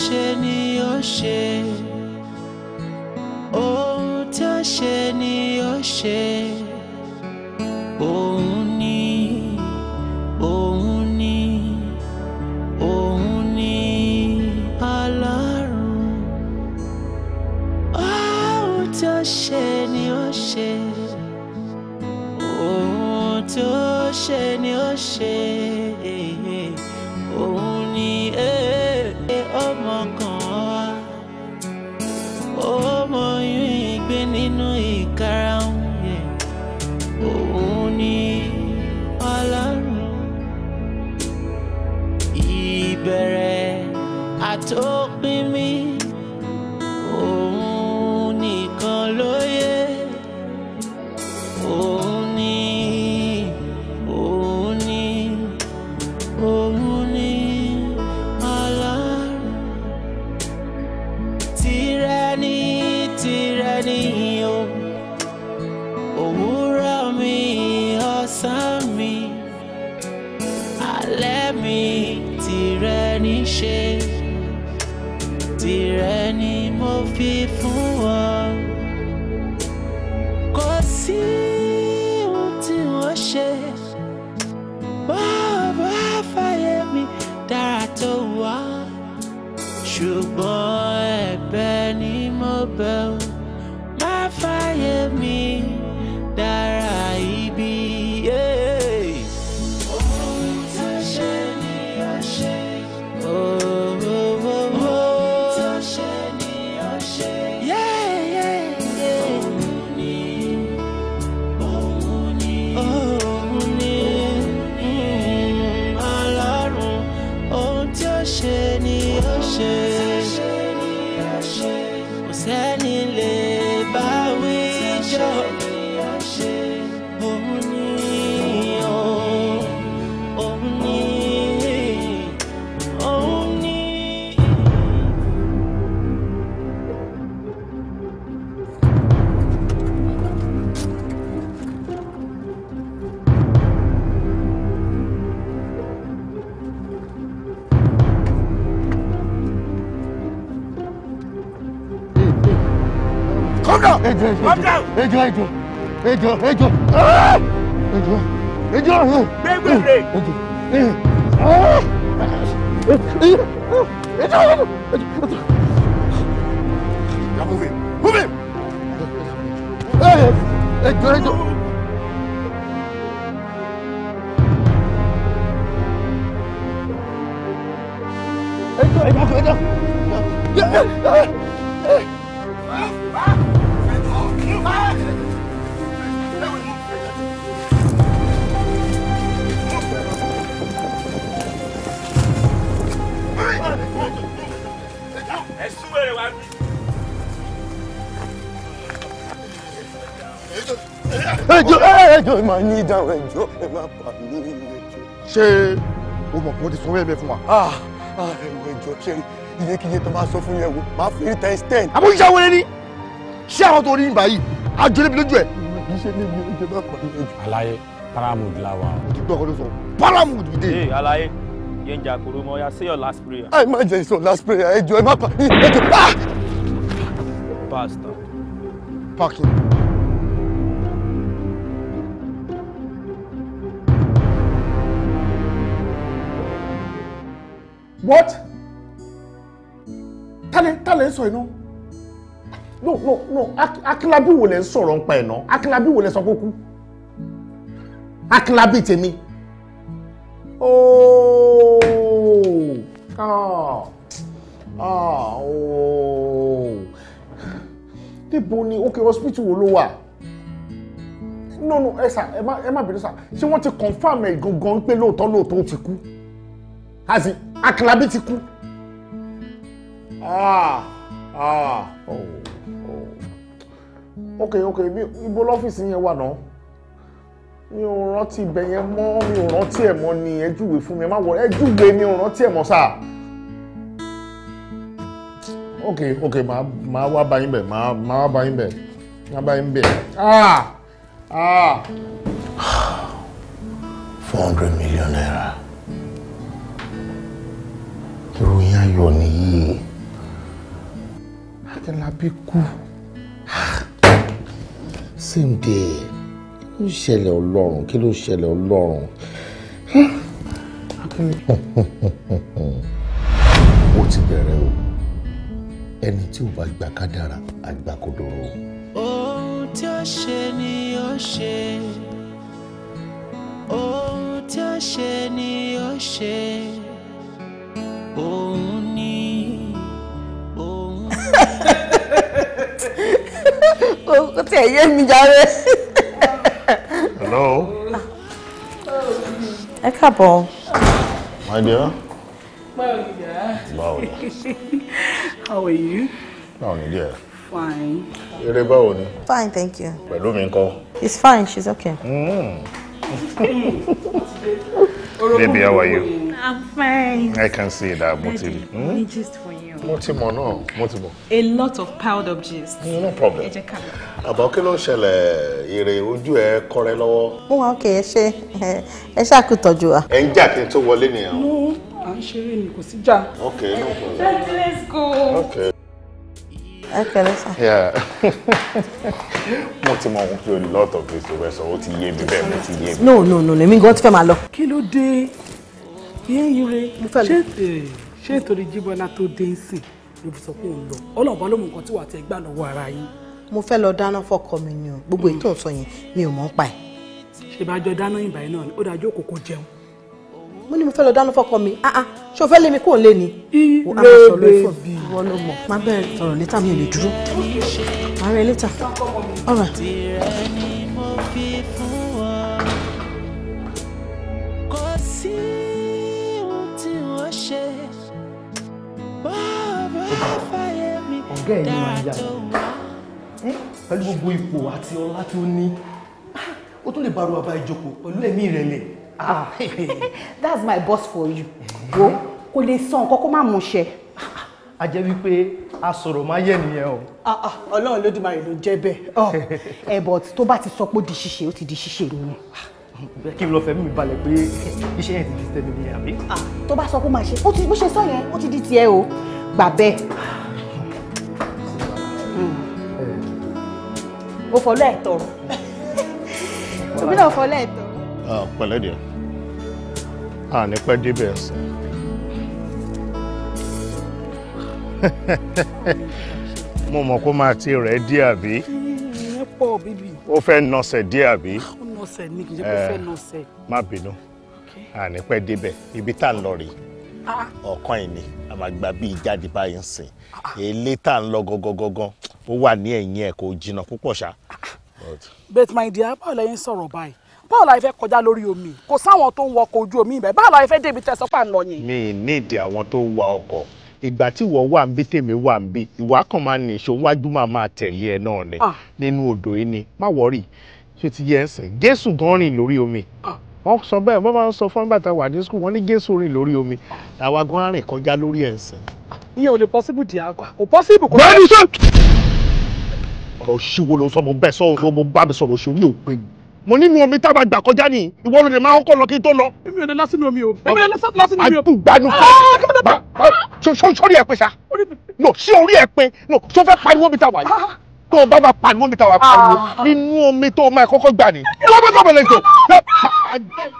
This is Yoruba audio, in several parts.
ṣe ni ó ṣe. Ah! ejò ejò ejò ejò ejò ejò gbẹgbẹrẹ ejò ejò ejò. Now move him. Move him. Ejò ejò. ẹ máa ní ìdáhùn ẹjọ́ ẹ máa pa mí ìwé ẹjọ́. ṣé o mọ̀ pé wọ́n ti sanwó ẹ̀mẹ́ fún wa. Ah, ah, ẹ̀wọ̀ ẹjọ́ ṣe iyekíye tó máa sọ fún yẹn wò máa fi rí times ten. àbúrò iṣẹ́ wẹrẹ ni ṣé àwọn tó rí ìgbà yìí àjọ níbi lójú ẹ̀. kì paramount la wa. o ti gbọ́ ọkọ ló sọ paramount dé. ee àlàyé yẹn koro mọ ya say your last prayer. ẹ má jẹ sọ last prayer ẹ jọ ẹ má pa ẹ ah! pastor. parking. what tálẹ̀ tálẹ̀ so sọ iná no no no akílábí wo lẹ ń sọ̀rọ̀ ń pa ẹ̀ ná akílábí wo lẹ sọ pé kú akílábí tèmi ooo ah ah ooo níbo ni okay hospital wo ló wà no no ẹ sà ẹ má ẹ má bínú sà ṣé wọ́n ti confam ẹ̀ gangan pé lóòótọ́ lóòótọ́ ó ti kú as in Àkàlàbí ti kú. Ah, ah, oh, oh. Ok, ok, ibo lọ́fíìsì yẹn wà náà? Mi ò rántí ibẹ̀ yẹn mọ́, mi ò rántí ẹ̀ mọ́ ni ẹ júwe fún mi, ẹ má wọ ẹ júwe mi ò rántí ẹ̀ mọ́ sáà. Ok, ok, màá màá wá bá yín bẹ̀, màá màá wá bá yín bẹ̀, màá bá yín bẹ̀. Ah, ah. Four hundred million naira ìròyìn ayọ̀ nìyí Akínlábí kú same day kí ló ṣẹlẹ̀ ọlọ́run kí ló ṣẹlẹ̀ ọlọ́run ó ti bẹ̀rẹ̀ o ẹni tí ò bá gbà kádàrà àgbà kò dòrò. ohun tí ó ṣe ni ó ṣe ohun tí ó ṣe ni ó ṣe. hello. A couple. my dear. báwo dear. how are you. báwo ni dear. fine. eré báwo fine thank you. it's fine she's okay. Mm. Baby, how are you? I'm fine. I can see that, Moti. Hmm? gist for you. Moti mo no, Moti A lot of piled up gist. Mm, no problem. About kilo ká lọ. Àbá kí ló ń ṣẹlẹ̀ Okay, ojú ẹ kọ́rẹ́ lọ́wọ́? Mo wà ókè ẹ ṣe ẹ ṣàkútọ́jú wa. Ẹ ń jà kí n tó wọlé No, à ń ṣeré ni kò sí jà. Ok, no problem. Let's let's go. Okay. Ẹ kẹlẹ sá. Mo ti mọ ohun pé a lot of things to rẹ sọ, ó ti yé mi bẹ́ẹ̀, mo ti yé mi. No, no, no, èmi gan ti fẹ́ máa lọ. Kí ló dé? ìyẹn ire ṣé nítorí jíbọ́lá tó dé ń sìn ló fi sọ pé òun lọ ọlọ́ọ̀bá ló mọ nǹkan tí wà á tẹ gbà lọ́wọ́ ara yín. mo fẹ́ lọ dáná fọ́kọ mi ni o gbogbo ètò ìsọ yẹn mi ò mọ̀ ń pa ẹ̀. ṣe bá jọ dáná ìgbà yẹn náà ó dájú òkòkò jẹun. mo ní mo fẹ́ lọ dáná fọ́kọ mi ah ah ṣé o fẹ́ lé mi kó o lé ni. ìrèbè bí wọ́n ló mọ̀. má bẹ́ẹ̀ sọ̀rọ̀ létà mi ò lè dúró. ààrẹ létà ọ̀rọ̀. ọ̀gá ẹ̀ máa yà pẹ̀lú gbogbo ipò àti ọlá tó ní ó tún lè bá ruwa bá ìjókòó pẹ̀lú ẹ̀mí ìrẹ̀lẹ̀. Ah, that's my boss for you wo kò lè sọ nǹkan kó má mú ṣe. a jẹ́ wípé a sọ̀rọ̀ máa yẹ̀ nìyẹn o. Ah, ah, ọlọ́run lódùmarè ló jẹ́ bẹ́ẹ̀. ẹ̀ oh, eh, but tó bá ti sọ pé ó di ṣíṣe ó ti di ṣíṣe nìyẹn kí n lọ fẹ́ mi balẹ̀ pé iṣẹ́ yẹn ti di tẹ̀mí ni àbí. tó bá sọ pé máa ṣe bó ṣe sọ yẹn ó ti di tiẹ̀ o gbà bẹ́ẹ̀. o fọlọ́ ẹ̀ tọrọ omi náà fọlọ́ ẹ̀ tọrọ. pẹ̀lẹ́ díẹ̀ a ní pẹ́ débẹ̀ ẹ̀sìn. mo mọ̀ kó máa ti rẹ̀ díẹ̀ àbí. ó fẹ́ nọsẹ̀ díẹ̀ àbí. ó nọsẹ̀ ní kìí ṣe pé ó fẹ́ eh, má bínú a ní pẹ́ débẹ̀ ibi tá à ń lọ rèé ọ̀kan ìní a máa gba bíi jáde báyìí ń sìn èlé tá à ń lọ gangan ó wà ní ẹ̀yìn ẹ̀ kò jìnnà púpọ̀ ṣá. bet my dear báwo lẹ́yìn sọ̀rọ̀ báyìí báwo la fẹ́ kọjá lórí omi kò sáwọn tó ń wọkọ̀ ojú omi ibẹ̀ báwo la fẹ́ débi tẹ̀sán pà ń lọ yẹn. mi ní ìdí àwọn tó wa ọkọ̀ ìgbà tí ìwọ wà ń bí tèmi wà ń bí ìwà kan máa ní ìṣó wájú máa máa tẹ̀lé ẹ náà ni ah. nínú odò yìí ni má wọ́rì ṣé ti yẹ ẹ sìn Jésù gan rìn lórí omi ah wọ́n sọ bẹ́ẹ̀ wọ́n máa ń sọ fún nígbà tá a wà ní skul wọ́n ní Jésù rìn lórí omi làwa gan arìn kọjá lórí ẹ̀sìn. iye ò lè possible di àgbà kò possible kò. bẹ́ẹ̀ni sọ. ọ̀rọ̀ ṣíwo ló sọ mo bẹ sọ ọ̀rọ̀ mo bá mi sọ̀rọ̀ ṣe orí òpin mo nínú omi tá gbà kọjá ni ìwọ ló lè máa kọ́kọ́ lọ kí n tó lọ. èmi ò lè lásìnú omi o èmi ò lè lásìnú omi o. àgbàgbọ́ sórí ẹ pé sa no sí orí ẹ pé no sọ fẹ́ pariwo mi ta yìí tó o bá bá pariwo mi ta pariwo nínú omi tó o máa kọ́kọ́ gbà ni. lọ́pọ̀ tó o bẹ̀rẹ̀ jò. عدل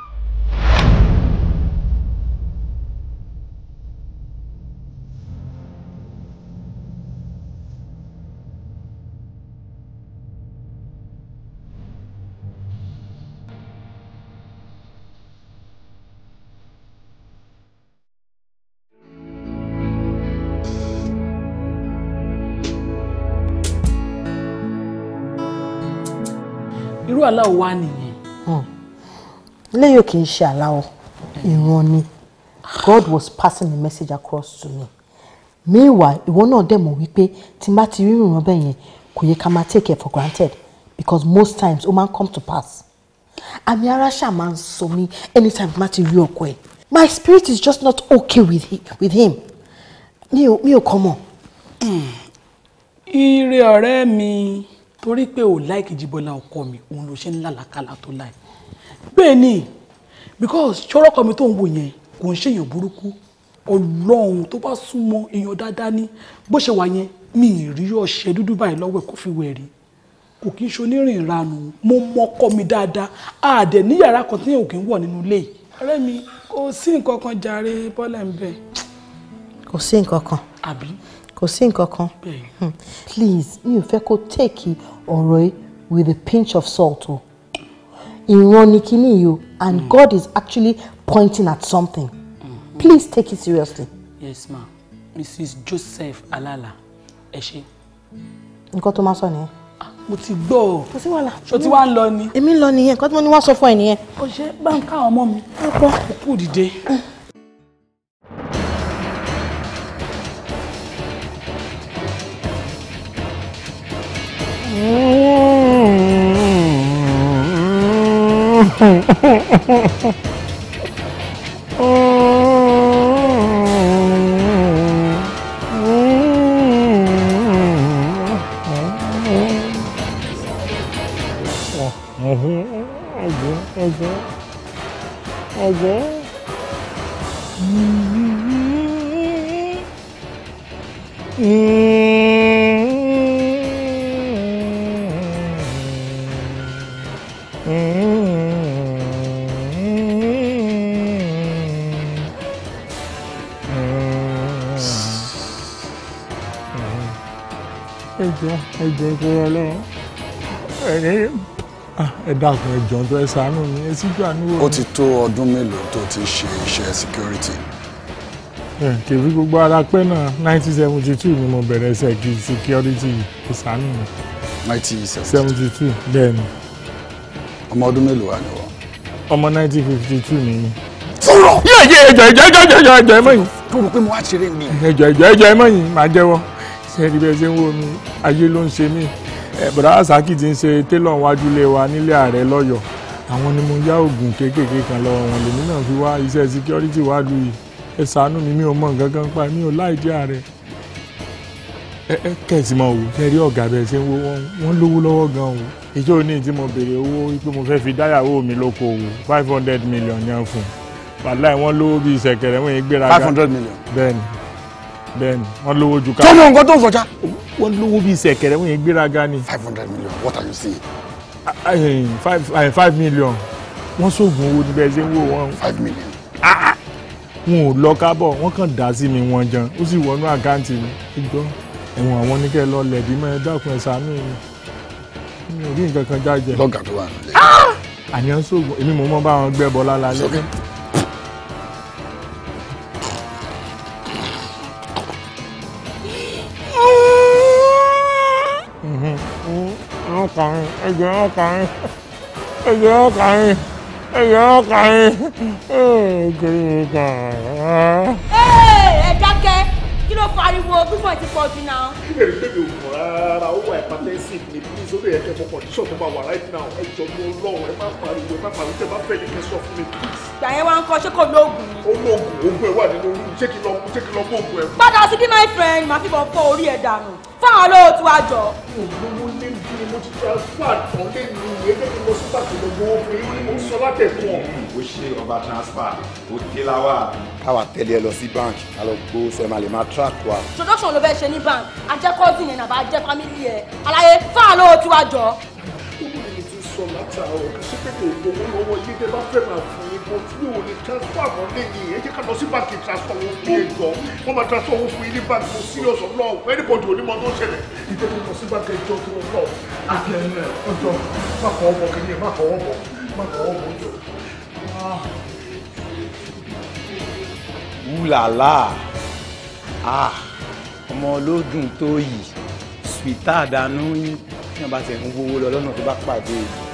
irú aláwọ̀ wá nìyẹn eléyìí kì í ṣe àláwọ ìran ni God was passing a message across to me meanwhile ìwọ náà dẹ̀ mọ̀ wípé tí n bá ti rí ìran bẹ́ẹ̀ yẹn kò yẹ ká máa take it for granted because most times ó máa ń come to pass àmì ara ṣáà máa ń sọ mí anytime má ti rí ọkọ ẹ my spirit is just not okay with him, with him. mi ò mi ò kọ́ mọ̀. ire ọ̀rẹ́ mi torí pé ò láìkì jíbọ́lá ọkọ mi òun ló ṣe ń lálàkàlà tó láì bẹ́ẹ̀ ni because ṣọ́rọ́ kan mi tó ń wò yẹn kò ń ṣèyàn burúkú ọlọ́run tó bá súnmọ́ èèyàn dáadáa ní bó ṣe wà yẹn mi ì rí ọṣẹ dúdú báyìí lọ́wọ́ ẹ̀ kó fi wẹ̀ rí kò kí n ṣe onírìn ìranù mo mọ ọkọ mi dáadáa àdẹ̀ ní yàrá kan tí èèyàn kì wọ̀ nínú ilé yìí. ọ̀rẹ́ mi kò sí nǹkan kan jàre bọ́lá ń bẹ̀. kò sí nǹkan kan. àbí. kò sí nǹkan kan. Hmm. please mi ò fẹ́ kó take ọ̀rọ̀ yìí with a pinch of salt o. Oh ìran ni kíní yìí o and mm. God is actually pointing at something mm -hmm. please take it seriously. yes ma Mrs. Joseph Alala ẹ ṣe. nǹkan tó máa sọ nìyẹn. Ah, mo ti gbọ́ ọ kò sí wàhálà o ti wá ń lọ ni. èmi ń lọ nìyẹn nǹkan tí mo ní wá sọ fún ẹ nìyẹn. o ṣe bá ń ká ọmọ mi. ó kọ́ òkú dìde. Mm. Mm-hmm. ẹ jẹ́ pé ọlọ́run ẹni ẹ dákun ẹ tó ẹ ṣàánú mi ẹ gbà níwò. ó ti tó ọdún mélòó tó ti ṣe iṣẹ́ security. kèrí gbogbo ara pẹ́ náà nineteen seventy two ni mo bẹ̀rẹ̀ ṣe security ẹ ṣàánú mi. nineteen seventy two bẹ́ẹ̀ ni. ọmọ ọdún mélòó wà ní wọn. ọmọ nineteen fifty two ni mi sọ̀rọ̀. yíyá ẹjọ ẹjọ ẹjọ ẹjọ ẹjọ ẹjọ ẹ mọ̀ yìí. tó rò pé mo wá ṣeré mi. ẹjọ ẹjọ ẹjọ ẹ mọ̀ yìí màá jẹ́wọ́ sẹ́ẹ̀rí bẹ́ẹ̀ ṣe ń wò mí ayé ló ń ṣe mí bọ̀dá àṣàkì ti ń ṣe télọ̀ wájú lé wa nílé ààrẹ lọ́yọ̀ọ́ àwọn ni mo yá oògùn kéékèèké kan lọ́wọ́ wọn lèmi náà fi wá iṣẹ́ síkírọ́rìtì wá lu yìí ẹ ṣàánú mi mi ò mọ nǹkan kan pa mi ò láìdí ààrẹ ẹ kẹ̀sì mọ̀ wò sẹ́ẹ̀rí ọ̀gá bẹ́ẹ̀ ṣe ń wo wọn lówó lọ́wọ́ gan o ìjọ òní tí mo béèrè owó pé mo fẹ́ fi dáyàwó mi lóko òwò five hundred million yẹn fún un wàláì wọn lówó bíi ṣẹ̀kẹ̀rẹ̀ wọn yẹn bẹ́ẹ̀ni wọn lówó ju ká. tọ́mọ nǹkan tó ń sọjá. wọn lówó bíi sẹ̀kẹ̀rẹ̀ wọn yẹn gbéraga ni. five hundred million what are you saying. Eh, five eh, five million wọ́n sóògùn owó níbẹ̀ ṣe ń wò wọ́n. five million. wọn ò lọ kábọ̀ wọ́n kàn dá sí mi wọn jan ó sì wọnú àkáǹtì mi. ìgbọ́ ẹ̀wọ̀n àwọn oníkẹ́ lọ lẹ̀bí mọ́ ẹ dákun ẹ̀ ṣàánú mi mi ò rí nǹkan kan jáde. lọ́gàá tó wà nílẹ̀. àníyàn sóògùn èmi mò ń mọ bá wọn gbẹ́ bọ́lá lálẹ́. ọkàn mi ẹgbẹ̀rún ọkàn mi ẹgbẹ̀rún ọkàn mi ẹgbẹ̀rún ọkàn mi ẹgbẹ̀rún ọkàn mi. ẹ dákẹ́ kí ló pariwo púpọ̀ ti pọ̀ jù náà. èrè tèmi ò rárá ó wà ìpàtẹ́sì ní please ó lè yẹ kẹ́ mọ condition tó bá wà right now ẹ jọ mú ọlọ́run ẹ má pariwo ẹ má pariwo tẹ bá fẹ́ ní kẹ́ sọ fún mi. ìgbà yẹn wá ń kọ ṣé kò lóògùn ni. ó lóògùn oògùn ẹ wà nínú ṣé kí lọ mú ṣé kí lọ mú oògùn ẹ. padà sí bí my friend màá fi bọ̀ fọ orí ẹ̀ dànù fáwọn olóòtú àjọ. ògbówó lé ní ni mo ti ta fáàtàn lé ní ìwé lẹ́yìn lọ sí bàtà lọ́wọ́ obìnrin ni mo sọ látẹ̀kùn. o ṣe ọba transfer o dé láwà. káwa tẹ̀lé ẹ lọ sí bank ká lọ gbó sẹ́mà lè máa track wa. introduction ló fẹ́ ṣe ní bank ajẹ́kọ́sì yẹn nàbà ajẹ́ family ẹ̀ àlàyé fáwọn olóòtú àjọ. ó lè ti sọ látàrọ sí pé kò gbowó lọ́wọ́ yídé bá fẹ́ máa fún but mi ò lè transfer lọ lẹ́yìn ẹ jẹ́ ká lọ sí báńkì transfer owó fún yẹn jọ wọ́n máa transfer ah, owó fún yín báńkì mo serious of law anybody onímọ̀ tó ṣẹlẹ̀ ìjẹ́ tó lọ sí báńkì ẹjọ́ tó lọ lọ àti ẹ̀yìn má kọ́ ọ̀bọ̀ kìíní má kọ́ ọ̀bọ̀ má kọ́ ọ̀bọ̀ jọ. wúlàlà ọmọ olódùn tó yìí sùítà dànù yín ní abàtẹ̀ ń wówó lọ lọ́nà tó bá pàdé yìí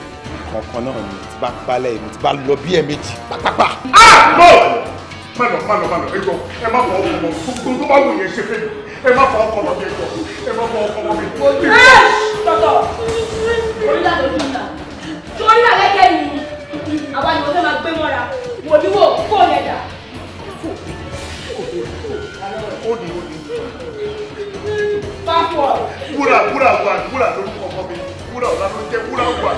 nǹkan kan náà ni tí bá balẹ̀ mi tí bá lọ bí ẹ̀ẹ̀mejì pátápá. a ah, lọ má lọ má lọ má lọ ẹ jọ ẹ má fọ ọkọ lọ gbogbo tó bá wù yẹn ṣe fẹ́ ẹ má fọ ọkọ lọ bí ẹ jọ ẹ má fọ ọkọ lọ bí ẹ jọ. tọ́tọ̀ orí àlọ́ ojú ìlà torí àlẹ́kẹ́ ni àwa ni mo fẹ́ máa gbé mọ́ra wò ní wò fóònù ẹ̀dá. ó ní ó wúrà wúrà wúrà lórúkọ ọkọ mi wúrà ọ̀la ló jẹ́ wúrà wà.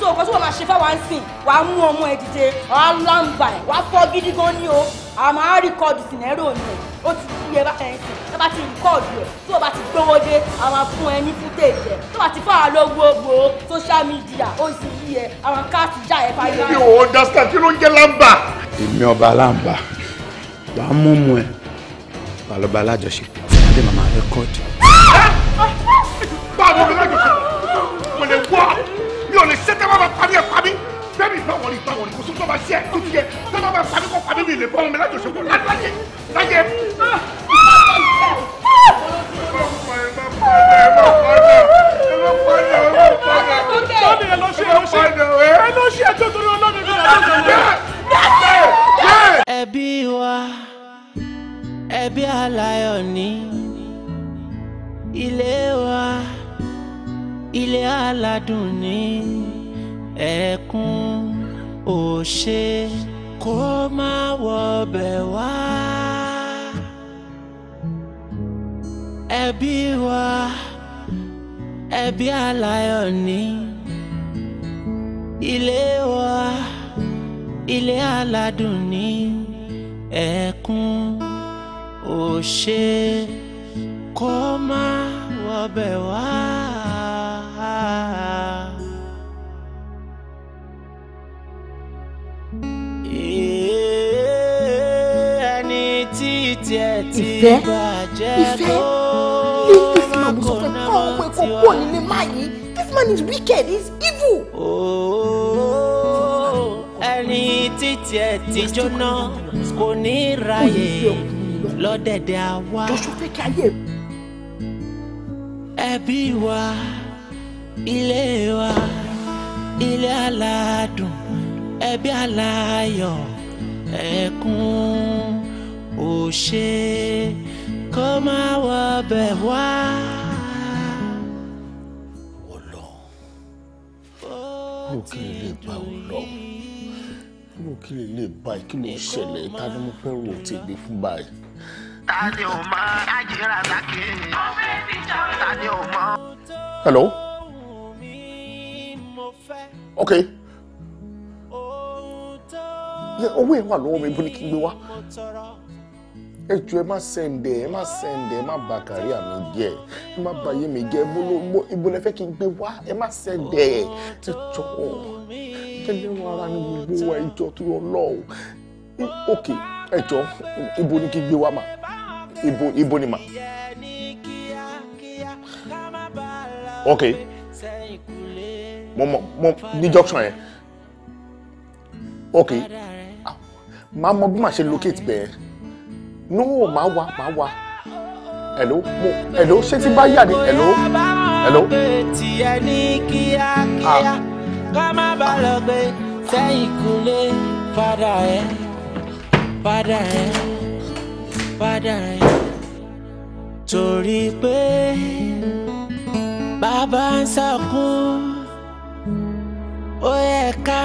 so nǹkan tí wọ́n máa ṣe fáwọn sìn wà á mú ọmọ ẹ̀ dìde wà á láǹbà ẹ̀ wà á fọ́ gidi gan ni o àwọn máa rìkọ́ọ̀dù sìnẹ́rò ni ẹ̀ ó ti fi ẹ bá ẹ sìn tó bá ti rìkọ́ọ̀dù ẹ̀ tó bá ti gbówó dé àwọn fún ẹ ní fútéèjì ẹ̀ tó bá ti fọ́ àlọ́ gbogbo social media ó sì yí ẹ àwọn káàtì já ẹ fáyé. mi ò understand kí ló ń jẹ́ láǹbà. èmi ọba láǹbà wà á mú mu ẹ wà lọ́ba alájọṣepọ̀ adé màmá rẹ́kọ́ọ̀dù bá àwọn ọmọ lájọ sọ mo lè wọ mi ò lè ṣe tẹ́ bá bá pa mí ẹ̀ pa mí bẹ́ẹ̀ mi bá wọlé bá wọlé kò sóun tó bá ṣe ẹ̀ tó ti yẹ tẹ́ bá bá pa mí kọ́ pa mí mi lè bá ọmọ lájọ sọ pọ̀ láyé wa ebi aláyọ̀ ní wa ilé aládùn ní ẹ̀kún òṣè kó má wọbẹ̀ wá. ẹbí wa ẹbí aláyọ̀ ní ilé wa ilé aládùn ní ẹ̀kún òṣè kó má wọbẹ̀ wá ìfẹ́ ìfẹ́ leave this man mo sọ fẹ́ kọ́ ọ̀pọ̀ ẹ̀kọ́ kúrò nílé máa yìí this man is wicked he is evil. Oh, ẹni títí ẹ ti jóná kò ní ráyè lọ́dẹ̀dẹ̀ àwa. ẹbí wa ilé wa ilé aládùn ẹbí aláyọ̀ ẹkún ò kó má wọbẹ̀ wá. mo lè bá òun lọ mo kí lè bá ẹ kí ló ṣẹlẹ̀ ta ni mo fẹ́ rò tí ègbé fún báyìí. ta ni o mọ ajínra lákì. ta ni o mọ. hello ok owó yẹn wà lọ́wọ́ mi bó ni kí n gbé wá ẹ jọ ẹ má sẹ́ndẹ̀ ẹ má sẹ́ndẹ̀ ẹ má bà kàrí àmì jẹ́ ẹ má bà yé mi jẹ́ ibo lẹ fẹ́ kí n gbé wá ẹ má sẹ́ndẹ̀ ẹ jọ kẹlẹ́rọ ara ni gbogbo wa ìjọ tó yọ lọ́wọ́ ok ẹ jọ ibo ni kí n gbé wá mà ibo ibo ni mà ok mo ní junction yẹn ok màá mọ bí màá ṣe locate bẹ́ẹ̀ no màá wá màá wá hello mo hello ṣé tí bá yà ni hello hello. tiẹ̀ ah. ní torí pé bàbá ń sọkún ó yẹ ká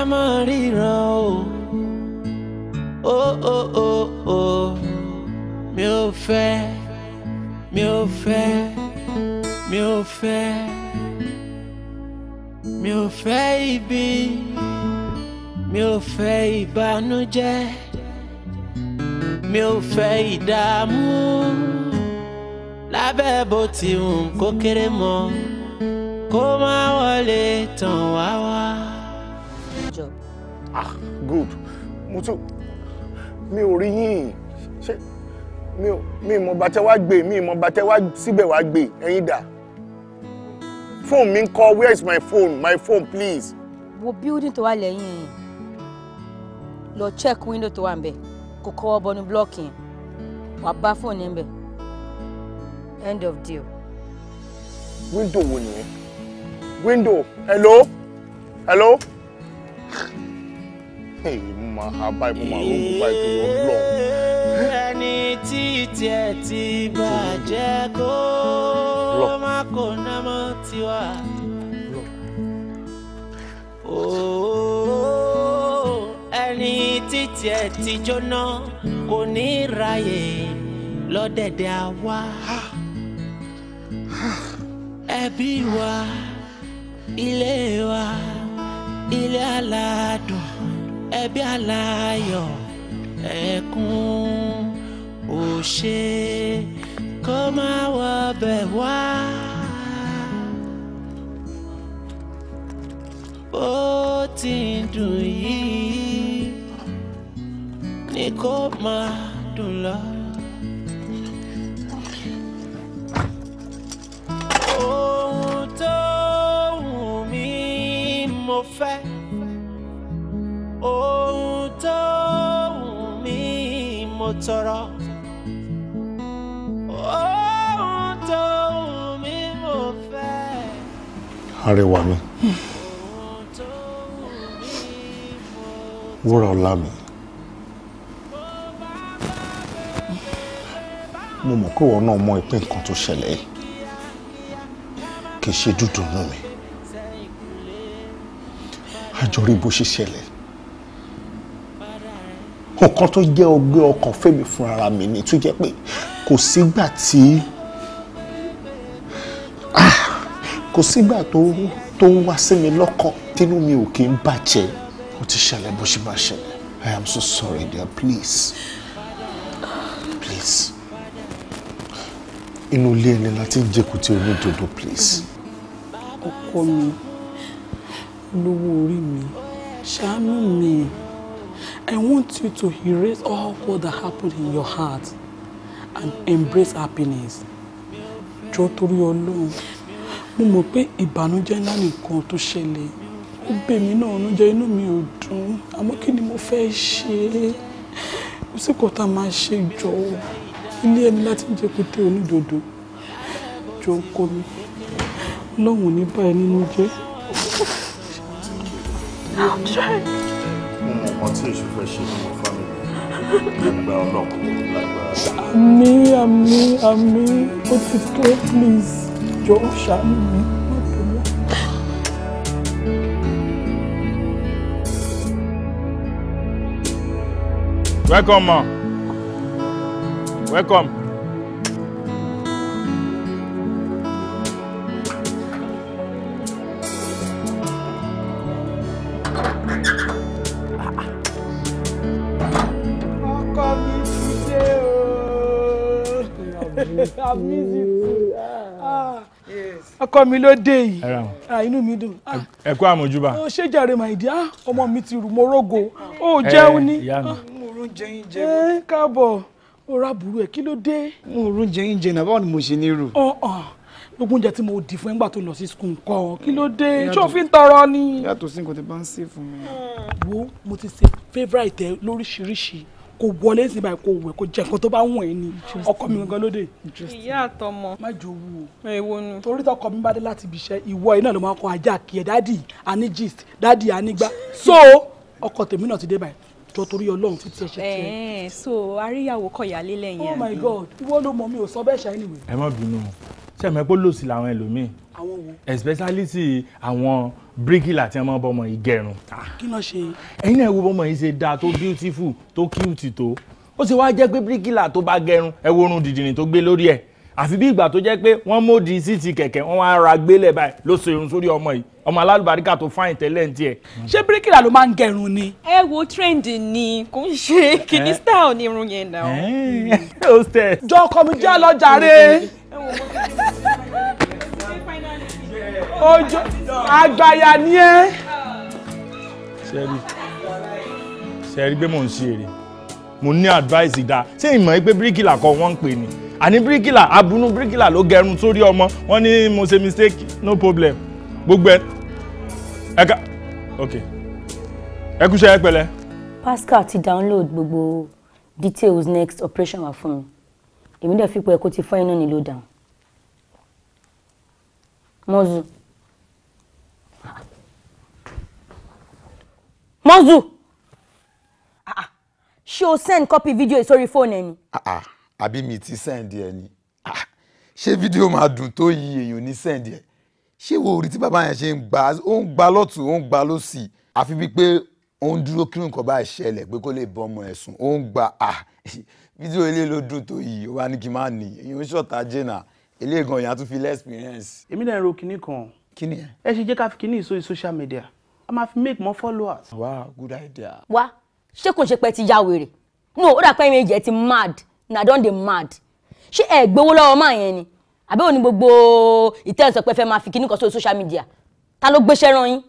Oh oh oh oh. ó ó ó mi ò fẹ́ mi ò fẹ́ mi ò fẹ́ mi ò fẹ́ ibi mi ò fẹ́ ìbànújẹ́ mi ò fẹ́ ìdààmú lábẹ́ bó ah good mo tún mi ò rí yín ṣé mi ò mi mọ bàtẹ wá gbé mi mọ phone mi where is my phone my phone please. wo building tó wà lẹ́yìn Lo check window tó wà ń bẹ̀ kó kọ́wọ́ bọnú blọ́ọ̀kì phone yẹn bẹ̀ end of deal. window wo nìyẹn window hello hello mo máa ha báyìí mo ma rògbò báyìí tó wọ́n lọ. ẹni tí tiẹ̀ ti bàjẹ́ kó má kó ná mọ́ tiwa. ẹni tí tiẹ̀ ti jóná kò ní ráyè lọ́dẹ̀dẹ̀ àwa ẹbí wa ilé wa ilé aládùn ẹbí aláyọ̀ ẹkún ò ṣe kó má wọbẹ̀ wá. bó ti ń dùn yìí ni kó máa dùn lọ. ohun tó wù mí mo fẹ́. tọrọ. ohun tó wù mí mo fẹ́. arẹwà mi wúrà ọlá mi mo mọ̀ pé ìwọ náà mọ ìpín nǹkan tó ṣẹlẹ̀ yìí kì í ṣe dúdùn nù mi àjọrí bó ṣe ṣẹlẹ̀ nǹkan tó jẹ́ ọgbẹ́ ọkàn fẹ́mi fún mi ni tó jẹ́ pé kò sígbà tí ah, kò sígbà tó tó wá sí mi lọ́kàn tínú mi ò kí ń bàjẹ́ ó ti ṣẹlẹ̀ bó ṣe máa ṣẹlẹ̀ I am so sorry dear please please inú ilé ẹni láti ń jẹ́kù tí onídòdó please. ọkọ mi lówó orí mi ṣàánú mi. I want you to erase all what that happened in your heart and embrace happiness. Jọ torí Ọlọ́run. Mo mọ̀ pé ìbànújẹ́ ńlá nìkan tó ṣẹlẹ̀. Ó bẹ̀ mí náà ọ̀nà jẹ́ inú mi ò dùn. Àmọ́ kí ni mo fẹ́ ṣe? Mo sì kọ́ tá a máa ṣe jọ. Ilé ẹni láti jẹ́ pété onídodo. Jọ ń mi. Ọlọ́run ò ní bá ẹ nínú jẹ́. I'll try nǹkan tí èṣù fẹ́ ṣe nínú fámìlì lágbá ọlọ́run lágbára. àmì àmì àmì ó ti tó please jọ ṣàánú mi. Welcome, ma. Welcome. I've missed you ah. Yes. Ọkọ mi ló dé yìí. Ah, inú mi dùn. Ah. Ẹ kú àmójúbà. Ó oh, ṣe jàre my dear. Ọmọ mi ti rù mọ́rọ́gò. Ó oh, jẹun ní. Mo rún jẹyìn jẹun. Káàbọ̀, ó ra burú ẹ̀ kí ló dé? Mo rún jẹyìn jẹun náà báwo ni mo ṣe ní rù? Oh, Gbogbo oúnjẹ tí mo dì fún ẹgbà tó lọ sí skul nǹkan kí ló dé? Ṣé o fi ń tọrọ ni? Yàtọ̀ sí nǹkan tí bá ń ṣe fún mi. Wo mo ti ṣe favourite ẹ lóríṣiríṣi kò wọlé sí báyìí kò wẹ̀ kò jẹ nǹkan tó bá wùn ẹ́ ni ọkọ mi gangan lóde. ìyá àtọmọ. má jò wù o. èwo nu. torí tọkọ mi bá dé láti ibi iṣẹ́ ìwọ iná ló máa kọ ajá kí ẹ dáàdì àní dáàdì àní so ọkọ tèmi náà ti dé báyìí jọ torí Ọlọ́run fi tiẹ̀ ṣe tiẹ̀. ẹ eh, ẹ so aríyàwó kọyàlé lẹ́yìn. oh my god ìwọ ló mọ mi ò sọ bẹ́ẹ̀ ṣe anyway. ẹ má bínú ṣe mẹ pé lòsì làwọn ẹlòmíín. àwọn wo. especially ti àwọn bíríkìlà tí wọn bọ ọmọ yìí gẹrun. Ah, kí ló ṣe. ẹ̀yin náà wo bọmọ yìí ṣe dáa tó beautiful tó cute tó ó sì wá jẹ́ pé bíríkìlà tó bá gẹrun ẹ wo orun dìdìrín tó gbé lórí ẹ̀ àfi bí ìgbà tó jẹ́ pé wọ́n mòdì sí ti kẹ̀kẹ́ wọ́n wá ra gbélé báyìí ló so irun sórí ọmọ yìí ọmọ alálùbáríkà tó fáyìn tẹ́lẹ̀ ń tiẹ̀. ṣé bíríkìlà ló máa ń gẹrun ni. ẹ wo trend ni kò ń ṣe eh? kìíní style ni irun yẹn náà. Eh, jọ ọkọ mi jẹ́ lọ́jà rẹ̀. ojú àgbàyà ni ẹ. sẹ́rí sẹ́rí pé mò ń ṣe èrè mo ní advice ìdá ṣé ìmọ̀ pé bíríkìlà kan wọ́n ń pè ní àní bíríkìlà abunú bíríkìlà ló gẹrun sórí ọmọ wọn ní mo ṣe mistake no problem gbogbo ẹ ẹ ká ok ẹ ẹ pẹ̀lẹ́. Pascal ti download gbogbo details next operation wa fun. mi èmi dẹ̀ fi pé kó ti fọ́ iná ní lowdown. mọ́zù mọ́zù ah, ah. ṣé o send copy video sórí fóònù ẹ ni. Ah, àbí mi ti sẹ́ǹdì ẹ̀ ni ah, ṣé fídíò máa dùn tó yí èèyàn ní sẹ́ǹdì ẹ̀ ṣé wo orí tí bàbá yẹn ṣe ń gbà ó ń gbà lọ́tún ó ń gbà lọ́sì àfi bíi pé ó ń dúró kí nǹkan bá ṣẹlẹ̀ pé kó lè bọ́ ọmọ ẹ̀ sùn ó ń gbà á ah, fídíò ilé ló dùn tó yìí ó wá ní kí n má nì èèyàn ṣọ̀tá jẹ́nà ilé gan ìyá fi lẹ́spírẹ́ǹsì. èmi náà ro kinní kan. kinní ẹ. ẹ ṣe jẹ́ ká fi kinní sórí social media a máa fi make more followers. wow good idea. wá ṣé kò ṣe pé ti ya wèrè no ó dà pé ẹ̀yin ẹ̀jẹ̀ ti mad una don dey mad ṣé ẹ gbowó lọ́wọ́ máa yẹn ni àbí òní gbogbo ìtẹ́sọ̀ pé fẹ́ máa fi kíní kan sórí social media ta ló gbéṣẹ́ ran yín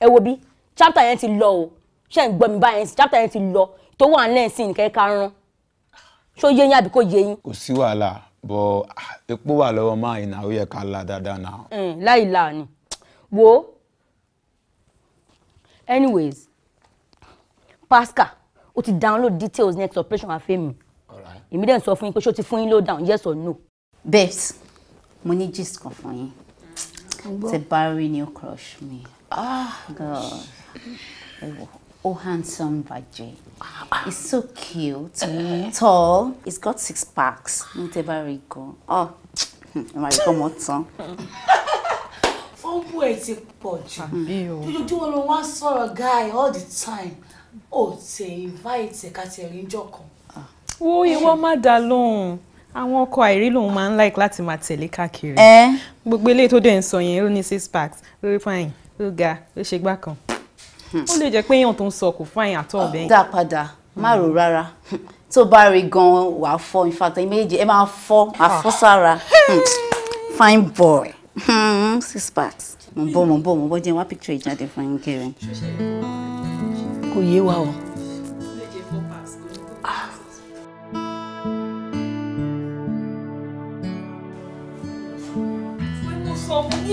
ẹ wo bí chapter yẹn ti lọ o ṣé ń gbọ́ mi báyẹn sí chapter yẹn ti lọ tó wà ńlẹ̀ sí nìkan ká rán ṣó yé yín àbí kò yé yín. kò sí wàhálà bọ ah, epo wà lọ́wọ́ máa yìí náà ó yẹ ká la dáadáa náà. Mm, láì la ni wo anyways Pascal o ti download details next operation afẹ́mi èmi dẹ̀ ń sọ fún yín pé ṣó ti fún yín low down yes or no. babes mo ní gist kan fún yín tẹ bá rí new crush mi ah god oh handsome bàjẹ́ ah. he's so cute eh. tall he's got six packs ní tẹ bá rí oh ẹ máa rí kọ́ mọ́ tán fọ́nbù ẹ̀ ti pọ̀ jù lójoojúmọ́ ló wá sọ̀rọ̀ guy all the time ó ti invite ẹ̀ka tẹ̀rí ń kan wo ìwọ má dá lóhùn àwọn ọkọ àìrí lòun máa ń like láti máa tẹ̀lé káàkiri gbogbo eléyìí tó dẹ̀ ń sọ yẹn ó ní six packs lórí fine ló ga ló ṣe gbá kan hmm. ó lè jẹ́ pé èèyàn tó ń sọ kò fine àtọ̀ ọ̀bẹ. dá padà má rò rárá tó bá rí gan-an wà á fọ́ ìfàtà méjèèjì ẹ máa fọ́ àfọ́ ah. sára hmm. fine boy hmm, six packs mo ń bọ̀ mo ń bọ̀ mo ń bọ̀ jẹ́ wá picture ìjáde fún yín kẹrin kò yé wa o.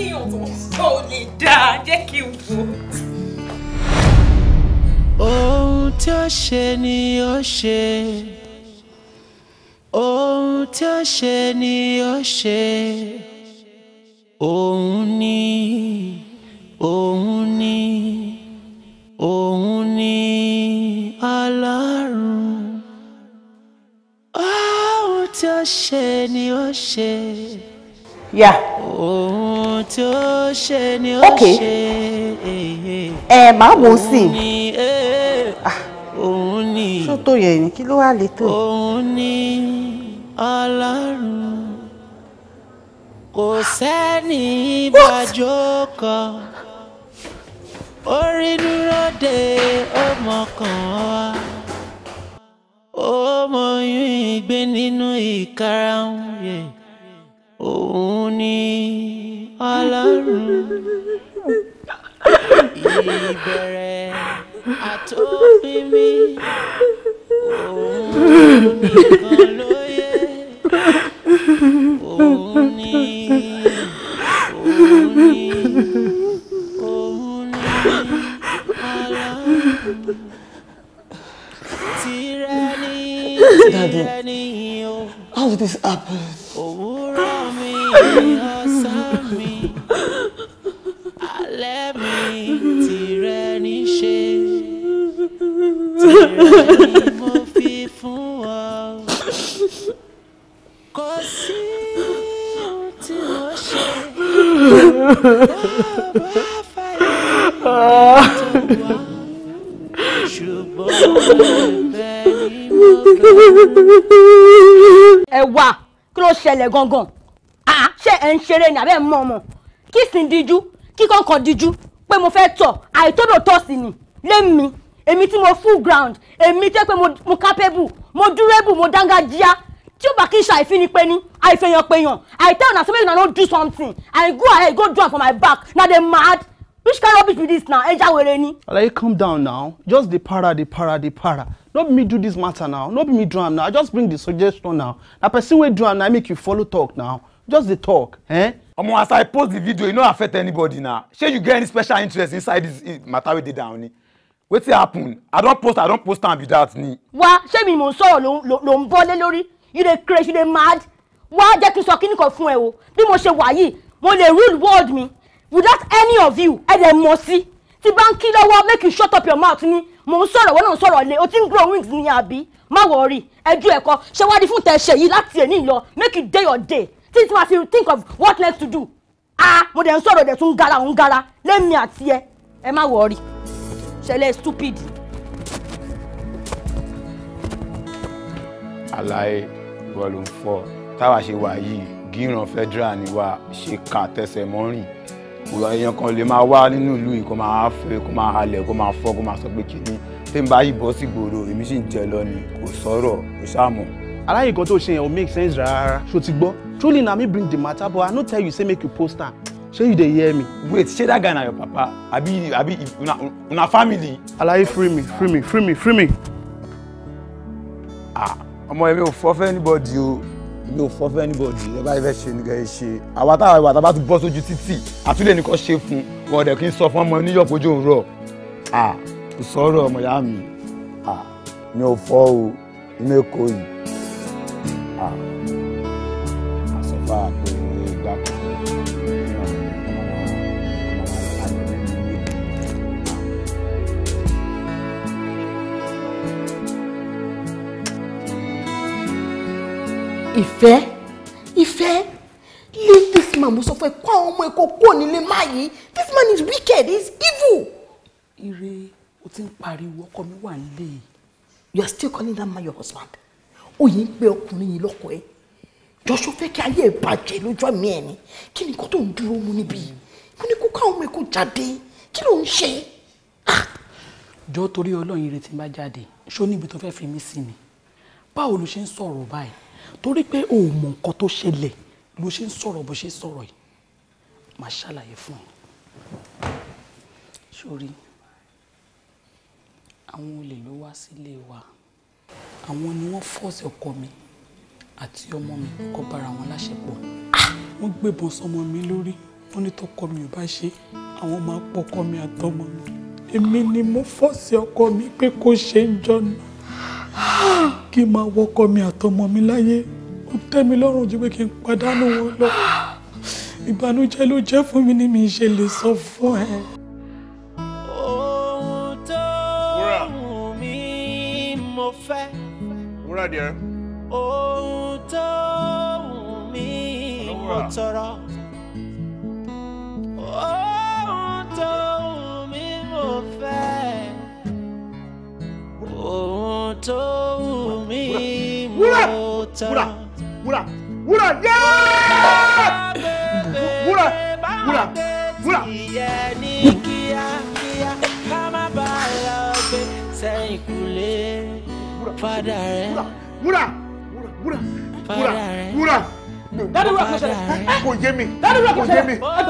kíyàn tó ń sọ ò lè dáa jẹ́ kí n wò. ohun tí ó ṣe ni ó ṣe ohun tí ó ṣe ni ó ṣe òun ni òun ni òun ni ọlọ́run ohun tí ó ṣe ni ó ṣe. Yeah. Ohun tí ó ṣe ni ó ṣe. Ẹ máa wò ó sì. Òun ni. Ṣó tó yẹ ni kí ló wá lè tó? Òun ni Ọlọ́run. Kò sẹ́ni ìbàjọ́ kan. Orí dúró de ọmọ kan wá. Ó mọ nínú ìkarahun yẹn òun ni ọlọ́run ìbẹ̀rẹ̀ àtòpin mi òun nìkan ló yẹ òun ni òun ni òun ni ọlọ́run tirẹ̀ ni tirẹ̀ ni o. How did this happen? ọ̀sán mi alẹ́ mi tìrẹ ní ṣe ẹ wá kí ló ṣẹlẹ̀ gangan ẹ̀ ń ṣeré ni àbẹ́ ẹ̀ ń mọ ọmọ kí sì ń díjú kí kọ̀ọ̀kan díjú pé mo fẹ́ tọ̀ àìtódò tọ̀ sí ni lémi èmi tí mo full ground èmi tẹ́ pé mo capable mo durable mo dángájíá tí ó bá kí n ṣe àìfín ni pé ní àìfẹ̀yàn péyàn I tell una say make una no do something I go ahead go do am for my back na dey mad which kind rubbish be this now ẹja wèrè ni. alaye calm down now just dey para dey para dey para no be me do this matter now no be me do am now I just bring the suggestion now na person wey do am na make you follow talk now just dey talk. Eh? omo as i post the video e no affect anybody na shey you get any special interest inside this matter wey dey down ni wetin happen i don post i don post am be that ni. wa ṣé mi mò ń sọ̀rọ̀ ló ń bọ́lé lórí you dey craze you dey mad wá jẹ́ kí n sọ kíní kan fún ẹ o bí mo ṣe wà yìí mo lè rule world mi without any of you ẹ dẹ̀ mọ̀ sí tí bá ń kí lọ́wọ́ make you shut up your mouth ni mo ń sọ̀rọ̀ wọ́n náà ń sọ̀rọ̀ lé o ti ń grow wings ni àbí má wọ̀ rí ẹjú ẹ̀kọ́ ṣe wá di fún tẹ̀ ṣe yìí láti ẹ̀ ní ìlọ make you dey your day tí tí ma fi think of what next to do ah mo dẹ̀ ń sọ̀rọ̀ dẹ̀ tún ń gara ń gara lẹ́mi àti ẹ ẹ má wọ̀ọ́rì ṣẹlẹ̀ stupid. àlàyé bọ́ọ̀lù ń fọ́ táwa ṣe wà yìí gíran federal ni wa ṣe kà tẹsẹ̀ mọ́rìn èèyàn kan lè máa wá nínú ìlú yìí kó máa fẹ́ kó máa halẹ̀ kó máa fọ́ kó máa sọ pé kìíní tí n bá yìí bọ́ sí gbòòrò èmi sì ń jẹ lọ ni kò sọ̀rọ̀ kò sáàmù. aláyìnkan tó ṣe yẹn ò make sense rárá ṣó ti gbọ́ truly na me bring the matter but i no tell you say make you post am shey you dey hear me. wait shey dat guy na your papa abi abi una una family. alaye free me free me free me free me. ah ọmọ èmi ò fọ́ fẹ́ anybody o mi ò fọ́ anybody ẹ bá fẹ́ ṣe nìkan ẹ ṣe àwa táwa ìwà tá a bá ti bọ́ sójú títì àtúndé nìkan ṣe fún wọn ọ̀dẹ̀ kì í sọ fún ọmọ New York ojú òun ah kò sọ̀rọ̀ ọmọ ìyá mi ah mi ò fọ́ o inú èkó yìí ah bá a ìfẹ́ ìfẹ́ leave this man mo sọ fún ẹ kó ọmọ ẹ̀kọ́ kúrò nílé má yìí this man is wicked he is evil. ire o ti ń pariwo ọkọ mi wà nílé you are still calling that man your husband òye pe ọkùnrin yìí lọ́kọ ẹ̀ jọ́sọ fẹ́ kí ayé ìbàjẹ́ lójú àmì ẹ̀ ni kí ni kó tó ń dúró mu níbí mo ní kó káwọn ọmọ ẹ̀ kó jáde kí ló ń ṣe. Ah! jọ torí ọlọ́run ìrètí bá jáde ṣó níbi tó fẹ́ fi mí sí ni báwo ló ṣe ń sọ̀rọ̀ báyìí torí pé o ò mọ nǹkan tó ṣẹlẹ̀ ló ṣe ń sọ̀rọ̀ bó ṣe sọ̀rọ̀ yìí màá ṣàlàyé fún ẹ sórí àwọn olè ló wá sílé wa àwọn ni wọ́n fọ́ọ̀sì ọkọ mi àti ọmọ mi kọ́ bára wọn láṣepọ̀ wọ́n gbébọn sọmọ mi lórí wọ́n ní tọkọ mi ò bá ṣe àwọn máa pọ̀ ọkọ mi àtọmọ mi èmi ni mo fọ́ọ̀sì ọkọ mi pé kó ṣe ń jọnu kí n máa wọ ọkọ mi àtọmọ mi láyé ó tẹ́ mi lọ́rùn ju pé kí n pàdánù wọn lọ ìbànújẹ́ ló jẹ́ fún mi ni mi ṣe lè sọ fún ẹ. Wúrà. Wúrà díẹ̀ ohun tó wù mí mo tọrọ ohun tó wù mí mo fẹ́ ohun tó wù mí mo tọrọ. wúrà wúrà yẹ́ẹ́ wúrà wúrà wúrà. ìyẹn ní kíákíá ká má bàa lọ gbé sẹ́yìn kúlé padà rẹ̀. wúrà wúrà dádì wúrà kò ṣẹlẹ̀. kò mi kò yé mi ó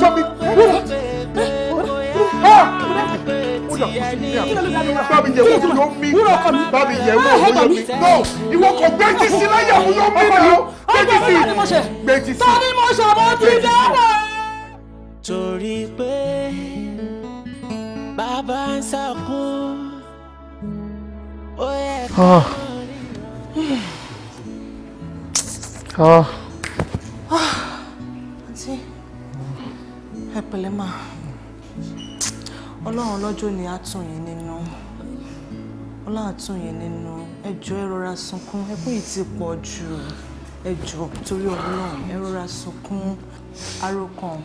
dàbí pé èyí ní àbí ó jọ mi. ó dàbí sí yẹ wò yóò mí no ìwọ kò gbẹ́jì sí láyà wò yóò mí náà gbẹ́jì sí gbẹ́jì sí. tani mo ṣe mo ti dáná. torí pé bàbá ń sàkún ó yẹ ká. Oh. Àǹtí, ẹ pẹ̀lẹ́ mà. Ọlọ́run lọ́jọ́ ni á tún yín nínú. Ọlọ́run á tún yín nínú. Ẹ jọ̀ọ́ ẹ rọra sunkún. Ẹkún yìí ti pọ̀ jù. Ẹ jọ̀ọ́ torí Ọlọ́run ẹ rọra sunkún. Arókan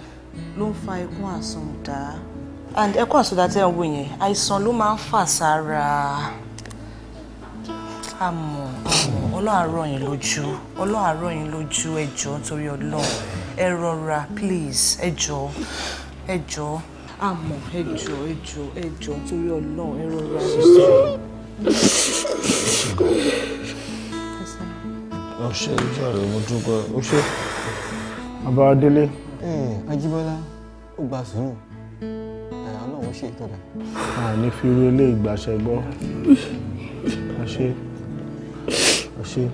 ló ń And ẹkún àsundà tẹ́ ń wò yẹn, àìsàn ló máa ń fà sára àmọ́ àmọ́ ọlọ́àárọ̀ yín lójú ọlọ́àárọ̀ yín lójú ẹjọ́ nítorí ọlọ́run ẹ rọra please ẹjọ́ ẹjọ́ àmọ́ ẹjọ́ ẹjọ́ ẹjọ́ nítorí ọlọ́run ẹ rọra ẹjọ́. ọṣẹ ìjọ rẹ mo dúpẹ́ ọṣẹ. bàbá délé. ẹ ajíbọ́lá ó gba sùúrù ọlọ́run ó ṣe ìtọ́jà. àní fi irú ilé ìgbàṣẹ gbọ́ a ṣe o ṣe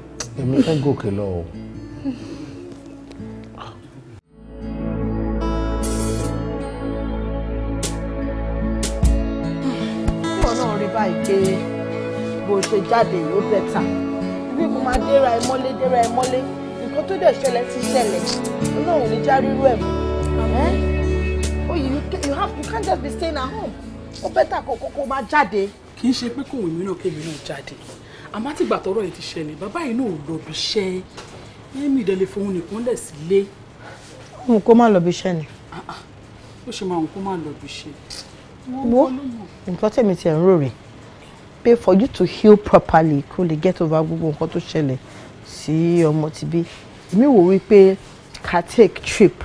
èmi fẹ́ gòkè lọ o. púpọ̀ náà rí báyìí pé bó ṣe jáde ló bẹ̀tà bí mo máa déra ẹ mọ́lé déra ẹ mọ́lé nǹkan tó dẹ̀ ṣẹlẹ̀ ti ṣẹlẹ̀ ọlọ́run ní já rírú ẹ̀ mọ́. Oh, you, you have you can't just be staying at home ó bẹ́tà kó kókó máa jáde. kì í ṣe pé kò wù mí náà kébì náà jáde àmọ́ àtìgbà tọ́rọ̀ yìí ti ṣẹlẹ̀ bàbá yìí náà ò lọ́bi iṣẹ́ ẹ̀mí ìdẹ́lẹ̀ fún un nìkan lẹ̀ sílé. òun kó má lọ́bi iṣẹ́ ni. Ah, ah. ó ṣe máa òun kó má lọ́bi iṣẹ́. wo nǹkan tẹ̀mí tiẹ̀ ń rò rè pé for you to heal properly kó lè get over gbogbo nǹkan tó ṣẹlẹ̀ sí ọmọ tìbí èmi wò wípé ká take trip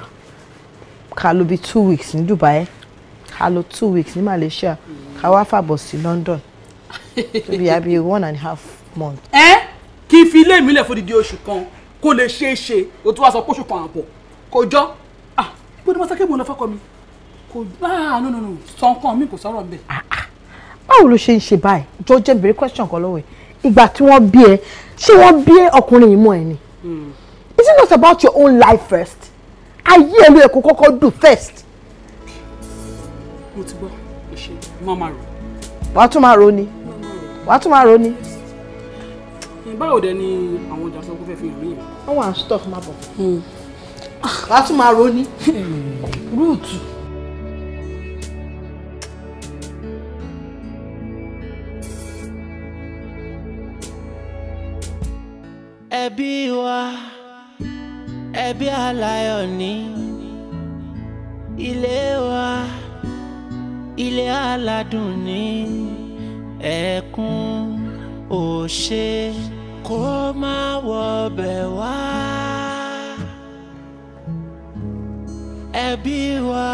ká lò bí two weeks ní Dubai ká lò two weeks ní Malaysia ká wá fàbọ̀ sí London to be abi one and a half month. ẹ kí n fi ilé mi lẹ̀ fódìdí oṣù kan kó lè ṣeé ṣe o tún wá sọ pé oṣù kan àpọ̀ kò jọ ah gbọdọ bá sákẹ́ mọ̀ lọ fọkọ mi kò ah no no no sọ nǹkan mi kò sọ̀rọ̀ bẹ́ẹ̀. Ah, ah. báwo ló ṣe ń ṣe báyìí jọ jẹ́ bèrè question kan lọ́wọ́ ẹ̀ ìgbà tí wọ́n bí ẹ ṣé wọ́n bí ọkùnrin yìí mọ́ ẹ ni hmm. is it not about your own life first ayé ẹ ló yẹ kó kọ́kọ́ dùn first. mo ti gbọ́ ìṣe mo máa rò. wàá tún máa rò ni wàá tún máa roni. Hmm, báwo dẹ ni àwọn ọjà sọ pé fẹ́ fi hàn yín. wọ́n wà ń stop máa bọ̀. Hmm. wàá tún máa roni. Hmm. rúùtù. ẹbí wa ẹbí aláyọ̀ ni ilé wa ilé aládùn ni ẹkún ò ṣe kó má wọbẹ̀ wá. ẹbí wa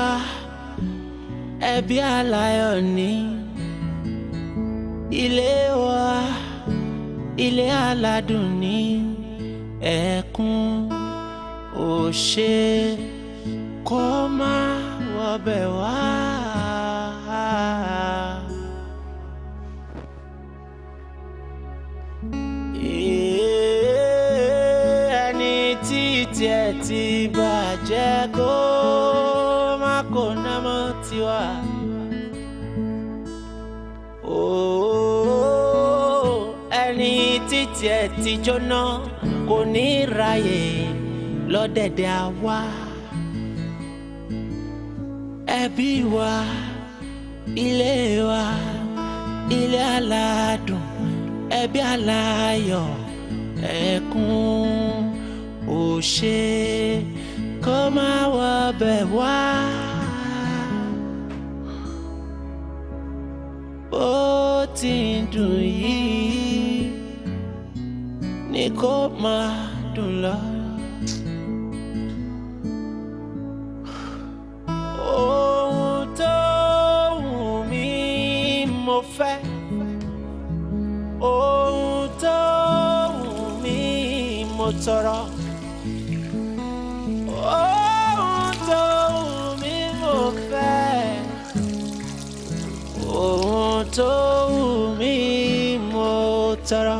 ẹbí aláyọ̀ ni ilé wa ilé aládùn ni ẹkún ò ṣe kó má wọbẹ̀ wá. jẹ́ kó má kó ná mọ́ tiwa. ẹni títí ẹ ti jóná kò ní ráyè lọ́dẹ̀dẹ̀ àwa. ẹbí wa ilé wa ilé aládùn ẹbí aláyọ̀ ẹkún òṣè kó máa wọ bẹ̀ wá. bó ti ń dùn yìí ni kó máa ohun tó wù mí mo tọrọ. tó wù mí mo tọrọ.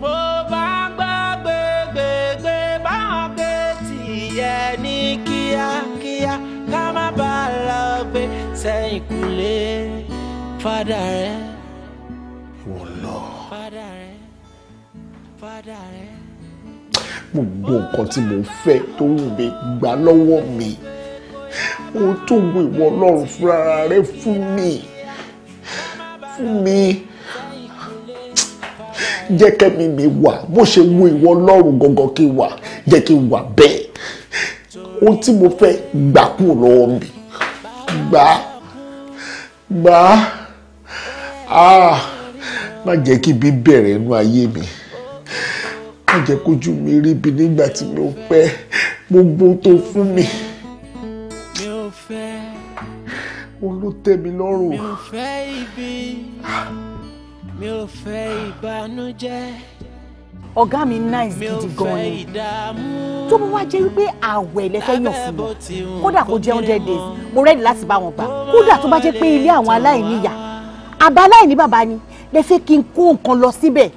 mo bá gbọ́ gbégbégbé báwọn gbé tìyẹ ní kíákíá ká má bàa lọ gbé sẹ́yìn kùlé fada rẹ. gbogbo nǹkan tí mo fẹ́ tó wù mí gbà lọ́wọ́ mi ohun tó ìwọ ọlọ́run fúnra rẹ fún mi fún mi jẹ́ kẹ́mi mi wà bó ṣe wo ìwọ ọlọ́run gangan kí wà jẹ́ kí wà bẹ́ẹ̀ ohun tí mo fẹ́ gbà kúrò lọ́wọ́ mi gbà gbà á ah, má jẹ́ kí ibi bẹ̀rẹ̀ inú ayé mi má jẹ́ kójú mi rí ibi nígbà tí mo pẹ́ gbogbo tó fún mi. tẹ́ mi lọ́rùn. mi ò fẹ́ ibi mi ò fẹ́ ìbànújẹ́. ọ̀gá mi nice gidi gan ni tó bó wá jẹ́ wípé àwẹ̀ lẹ́fẹ́ yàn fún mi kódà kó jẹ́ hundred days mo rẹ́ẹ̀dì láti bá wọn gbà kódà tó bá jẹ́ pé ilé àwọn aláìníyà àbá aláìní bàbá ni lè fẹ́ kí n kó nǹkan lọ síbẹ̀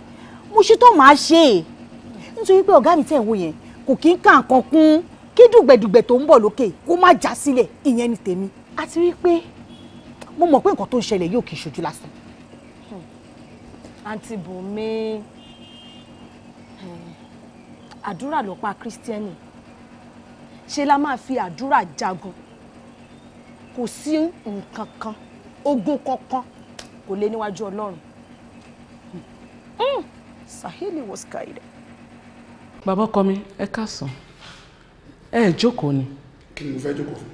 mo ṣe tó máa ṣe é nítorí pé ọ̀gá mi tẹ̀ wò yẹn kò kí ń kà nǹkan kún kí dùgbẹ̀dùgbẹ̀ tó ń bọ̀ lókè kó má já sílẹ̀ ìyẹn ni tèmi àti rí i pé mo mọ̀ pé nǹkan tó ń ṣẹlẹ̀ yóò kì í ṣojú lásán. àǹtí bùnmi eh, àdúrà ló pa kírísítẹ́nì ṣe la máa fi àdúrà jagun kò sí nǹkan kan ogun kankan kò lé níwájú ọlọ́run hmm, sahili was kaida. bàbá ọkọ mi ẹ káàsán ẹ jókòó ni. kí ni mo fẹ́ jókòó fún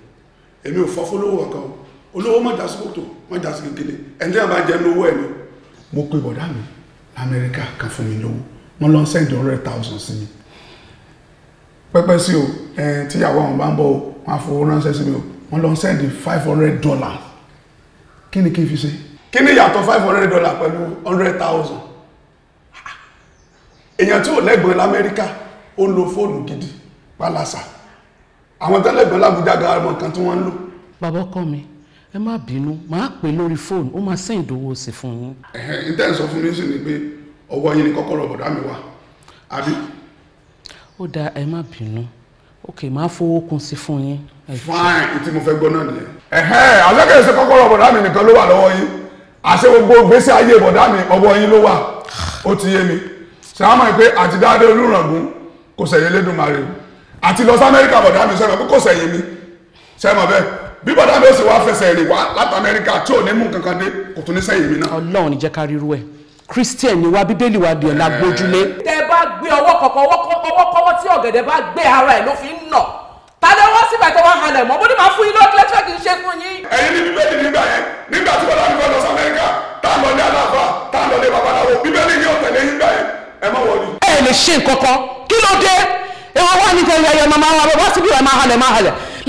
èmi ò fọ́ fún lówó o olówó mọ̀já sí kòtò mọ̀já sí kékeré ẹni tí wọ́n bá jẹ́ lówó ẹ̀ ni. mo pe bọ̀dá mi lamẹ́ríkà kan fún mi lówó wọ́n lọ ń sẹ́ǹdì hundred thousand sí mi pẹ́pẹ́ sí o tíyàwó àwọn bá ń bọ̀ o wọ́n á fowó ránṣẹ́ sí mi o wọ́n lọ ń five hundred dollars kí ni kí n fi ṣe. kí ni yàtọ̀ five hundred dollars pẹ̀lú hundred thousand èèyàn tí ò lẹ́gbọ̀n lamẹ́ríkà ó ń lo fóònù gidi pálásà àwọn tẹ́lẹ̀gbọ́n lábújá garamọ̀ kan tí wọ́n ń lò. bàbá ọkọ mi ẹ má bínú màá pè lórí fóònù ó máa sẹ́yìn ìdówó sí fún yín. ẹ̀hẹ́n ìtẹ́ sọ fún mi sì ni pé ọwọ́ yín ni kọ́kọ́rọ́ bọ̀dá mi wà àbí. ó dáa ẹ má bínú ok màá fowó kún sí fún yín. fine ìtí mo fẹ́ gbọ́ náà nìyẹn. ẹ̀hẹ́n alákẹ́sẹ̀ kọ́kọ́rọ́ bọ̀dá mi nìkan ló wà lọ́wọ́ yín àṣẹ gbogbo gbèsè ayé bọ̀dá mi ọwọ́ yín ló wà ó ti yé mi sàmà pé àti dáadé olùràngún kò sẹ̀yìn lédùnmarè àti lọ sí amẹ́ríkà bọ̀dá mi sọ̀rọ̀ pé kò sẹ̀yìn mi sẹ́mọ̀ bẹ́ẹ̀ bí bọ́dà mi ó sì wá fẹsẹ̀ rìn wá láti amẹ́ríkà tí ò ní mú kankan dé kò tún ní sẹ́yìn mi náà. ọlọ́run níjẹ́ ká ríru ẹ̀ christian ni wa bíbélì wa dìọ̀ lágbójúlé. tẹ bá gbé ọwọ́ kọ̀ọ̀kan ọwọ́ kọ́wọ́ tí ọ̀gẹ̀dẹ̀ bá gbé ara ẹ̀ ló fi ń nà tàdé wọ́n sì bàtẹ́ wọ́n halẹ̀ mọ́ bóni máa fún yín lọ́ọ́ kílẹ́tì kì í ṣe fún yín. ẹ̀yin ni bíbélì nígbà yẹn nígbà tí bọ́dà mi fẹ́ lọ sí amẹ́ríkà tá a lọ ní aláàfáà tá a lọ ní babaláwo bíbélì yóò tẹ̀lé yín gbà yẹn ẹ má wọlé. ẹ lè ṣe nǹkan kan kí ló dé ẹ wá wá nítorí ẹyẹ máa wá bá síbí rẹ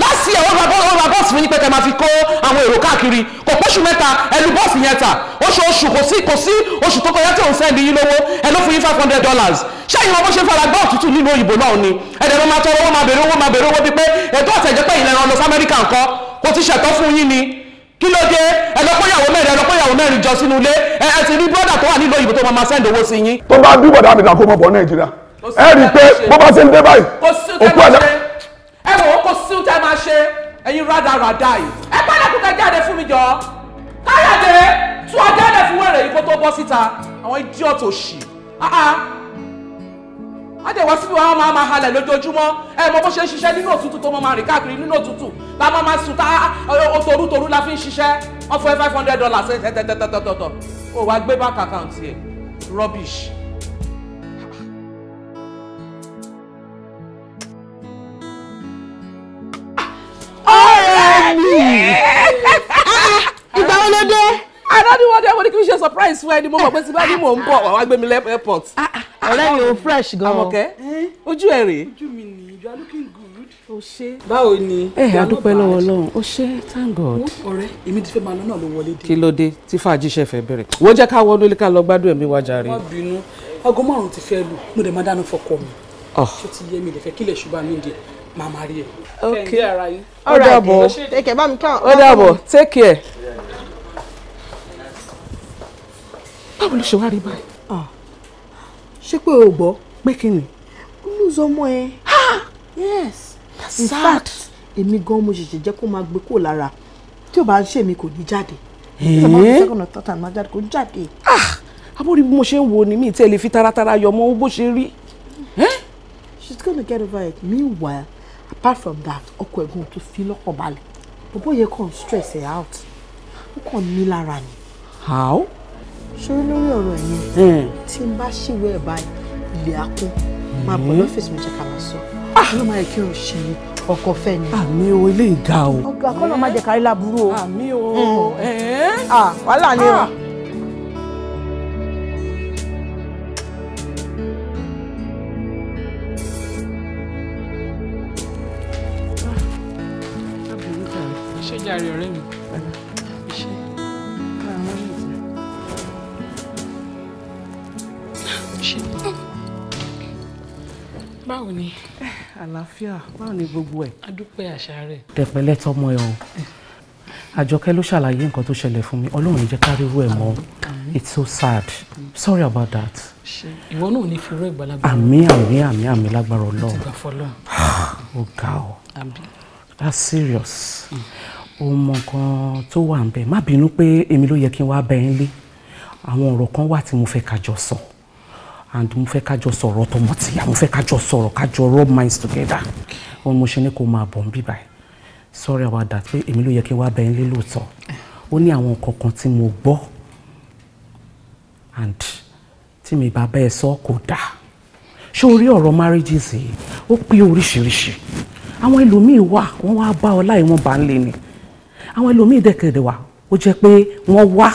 láti ẹ̀wọ́n bàbá ọ̀rọ̀ bàbá ọ̀sìn mi ní pẹ́tẹ́ máa fi kó àwọn èrò káàkiri kò pọ́ṣù mẹ́ta ẹnu bọ́ọ̀sì yẹn ta oṣooṣù kò sí kò sí oṣù tó kọjá tí òun sẹ́ndì yín lówó ẹ fún yín five hundred dollars ṣẹ́yìn wọn bó ṣe fara gbá òtútù nínú òyìnbó náà ni ẹ̀dẹ̀ ló máa tọrọ owó máa bèrè owó máa bèrè owó bíi pé ètò ọ̀tẹ̀jẹ̀ pé ìlànà lọ sí amẹ́ríkà nǹkan kò ti ṣẹ̀tọ́ fún yín ni kí ló dé ẹlọ́pọ̀yàwó mẹ́rin ẹlọ́pọ̀yàwó mẹ́rin jọ sínú ilé ẹ ẹ ti rí bọ́dà tó wà nílò ìbò tó máa máa sẹ́ndì owó sí yín. tó bá bí bọ̀dà àbìdá kó mọ̀ bọ̀ nàìjíríà ẹ rí i pé bó bá ṣe ń dé báyìí òkú ẹ̀dá ẹ wò ó kó sí tẹ máa ṣe ẹ̀yin rádaràdà yìí ẹ padà kúta jáde fún mi jọ káyọ̀dé tú ajáde fún wẹ̀rẹ̀ yìí kó tó bọ́ síta àwọn idiot òṣì àdè wá síbi wàá máa máa halẹ̀ lójoojúmọ́ ẹ mọ bó ṣe ń ṣiṣẹ́ nínú òtútù tó máa rìn káàkiri nínú òtútù la máa máa sùn tá òtòrútòrú la fi ń ṣiṣẹ́ wọ́n fún five hundred dollars ẹ tẹ́tẹ́tẹ́tẹ́tọ̀ ó wàá gbé bank account yẹ rubbish. ló dé. àná ni wọ́n dé wọ́n ní kí n ṣe surprise for ẹni moment. mọ̀ pé ti bá ní mò ń bọ̀ wàá gbé mi lẹ́ airport. Ah, ah, ah, ọ̀rẹ́ mi ò fresh gan-an. àmọ̀kẹ́ eh? ojú ẹ̀ rèé. ojú mi nìyí you are looking good. o ṣé. báwo ni. I eh, do adúpẹ́ lọ́wọ́ Ọlọ́run o ṣé thank God. ọ̀rẹ́ èmi ti fẹ́ máa lọ náà ló wọlé dé. kí ló dé tí fàájì to fẹ́ bẹ̀rẹ̀ What do you wọnú ilé ká lọ gbádùn ẹ̀mí wa jàre. má bínú aago márùn-ún ti fẹ́ lù mo dẹ̀ máa dáná fọkọ mi. ṣé ti yé mi lè fẹ́ kílẹ̀ ṣùgbọ́n mi dì máa máa rí ẹ. ok ó dàbọ̀ ó dàbọ̀ take care. báwo ló ṣe wá rí báyìí. Ah. ṣé pé o gbọ́ pé kí ni ó lùzọ ọmọ ẹ. yes that's in sad. fact èmi gan mo ṣẹ̀ṣẹ̀ jẹ́ kó máa gbé kó lára tí ò bá ń ṣèmi kò ní jáde. àbórí eh? ah! bí mo ṣe ń wo ni mi ì tẹ́lẹ̀ fi taratara yọ ọmọ bó ṣe rí. Eh? she's gonna get over it meanwhile apart from that ọkọ ẹ̀gbọ́n tó fi lọ́kàn balẹ̀ bọ́bọ́ yẹ kàn stress ẹ̀ out ó kàn ní lára ni. how ṣórí lórí ọ̀rọ̀ ẹ̀yẹn hmm. tí n bá ṣìwé ẹ̀ báyìí ilé akún máa bọ̀ hmm. lọ́fíìsì mi jẹ́ ká máa sọ ló máa yẹ kí o ṣe ọkọ̀ fẹ́ ni. àmì o ilé ìga o. ọgá kọ́nà má jẹ́ kárí láburú o. àmì o hmm. wàhálà ni o. Ah. Ah. ṣé jàre ọ̀rẹ́ mi. ṣe. báwo ni. àlàáfíà báwo ni gbogbo ẹ. adúpẹ́ àṣà rẹ̀. tẹ̀pẹ́lẹ́ tọmọ ẹ o àjọkẹ́ ló ṣàlàyé nǹkan tó ṣẹlẹ̀ fún mi ọlọ́run jẹ́ ká ẹ̀ mọ́ it's so sad sorry about that. ìwọ náà ní fi rẹ ìgbàlagbà. àmín àmín àmín àmín lágbára ọlọ́run. ìgbà fọlọ́. ó ga ọ that's serious. o hmm. mọ nǹkan tó wà ń bẹ má bínú pé èmi ló yẹ kí n wá bẹ ẹ́ lé àwọn ọ̀rọ̀ kan wà tí mo fẹ́ kájọ sọ and mo fẹ́ kájọ sọ̀rọ̀ tọmọtìyà mo fẹ́ kájọ sọ̀rọ̀ kájọ rub minds together wọn mo ṣe ní kó máa bọ̀ ń bíbá ẹ̀ sorry about that pé èmi ló yẹ kí n wá bẹ ń lé ó ní àwọn nǹkan kan tí mo gbọ́ and tí mi bá bẹ́ẹ̀ sọ kò dáa ṣé orí ọ̀rọ̀ marriages yìí ó pé oríṣiríṣi àwọn ẹlòmíì wà wọ́n wá bá ọ láì wọ́n bá ń lé ni àwọn ẹlòmíì dẹ̀kẹ̀dẹ̀ wà ó jẹ́ pé wọ́n wá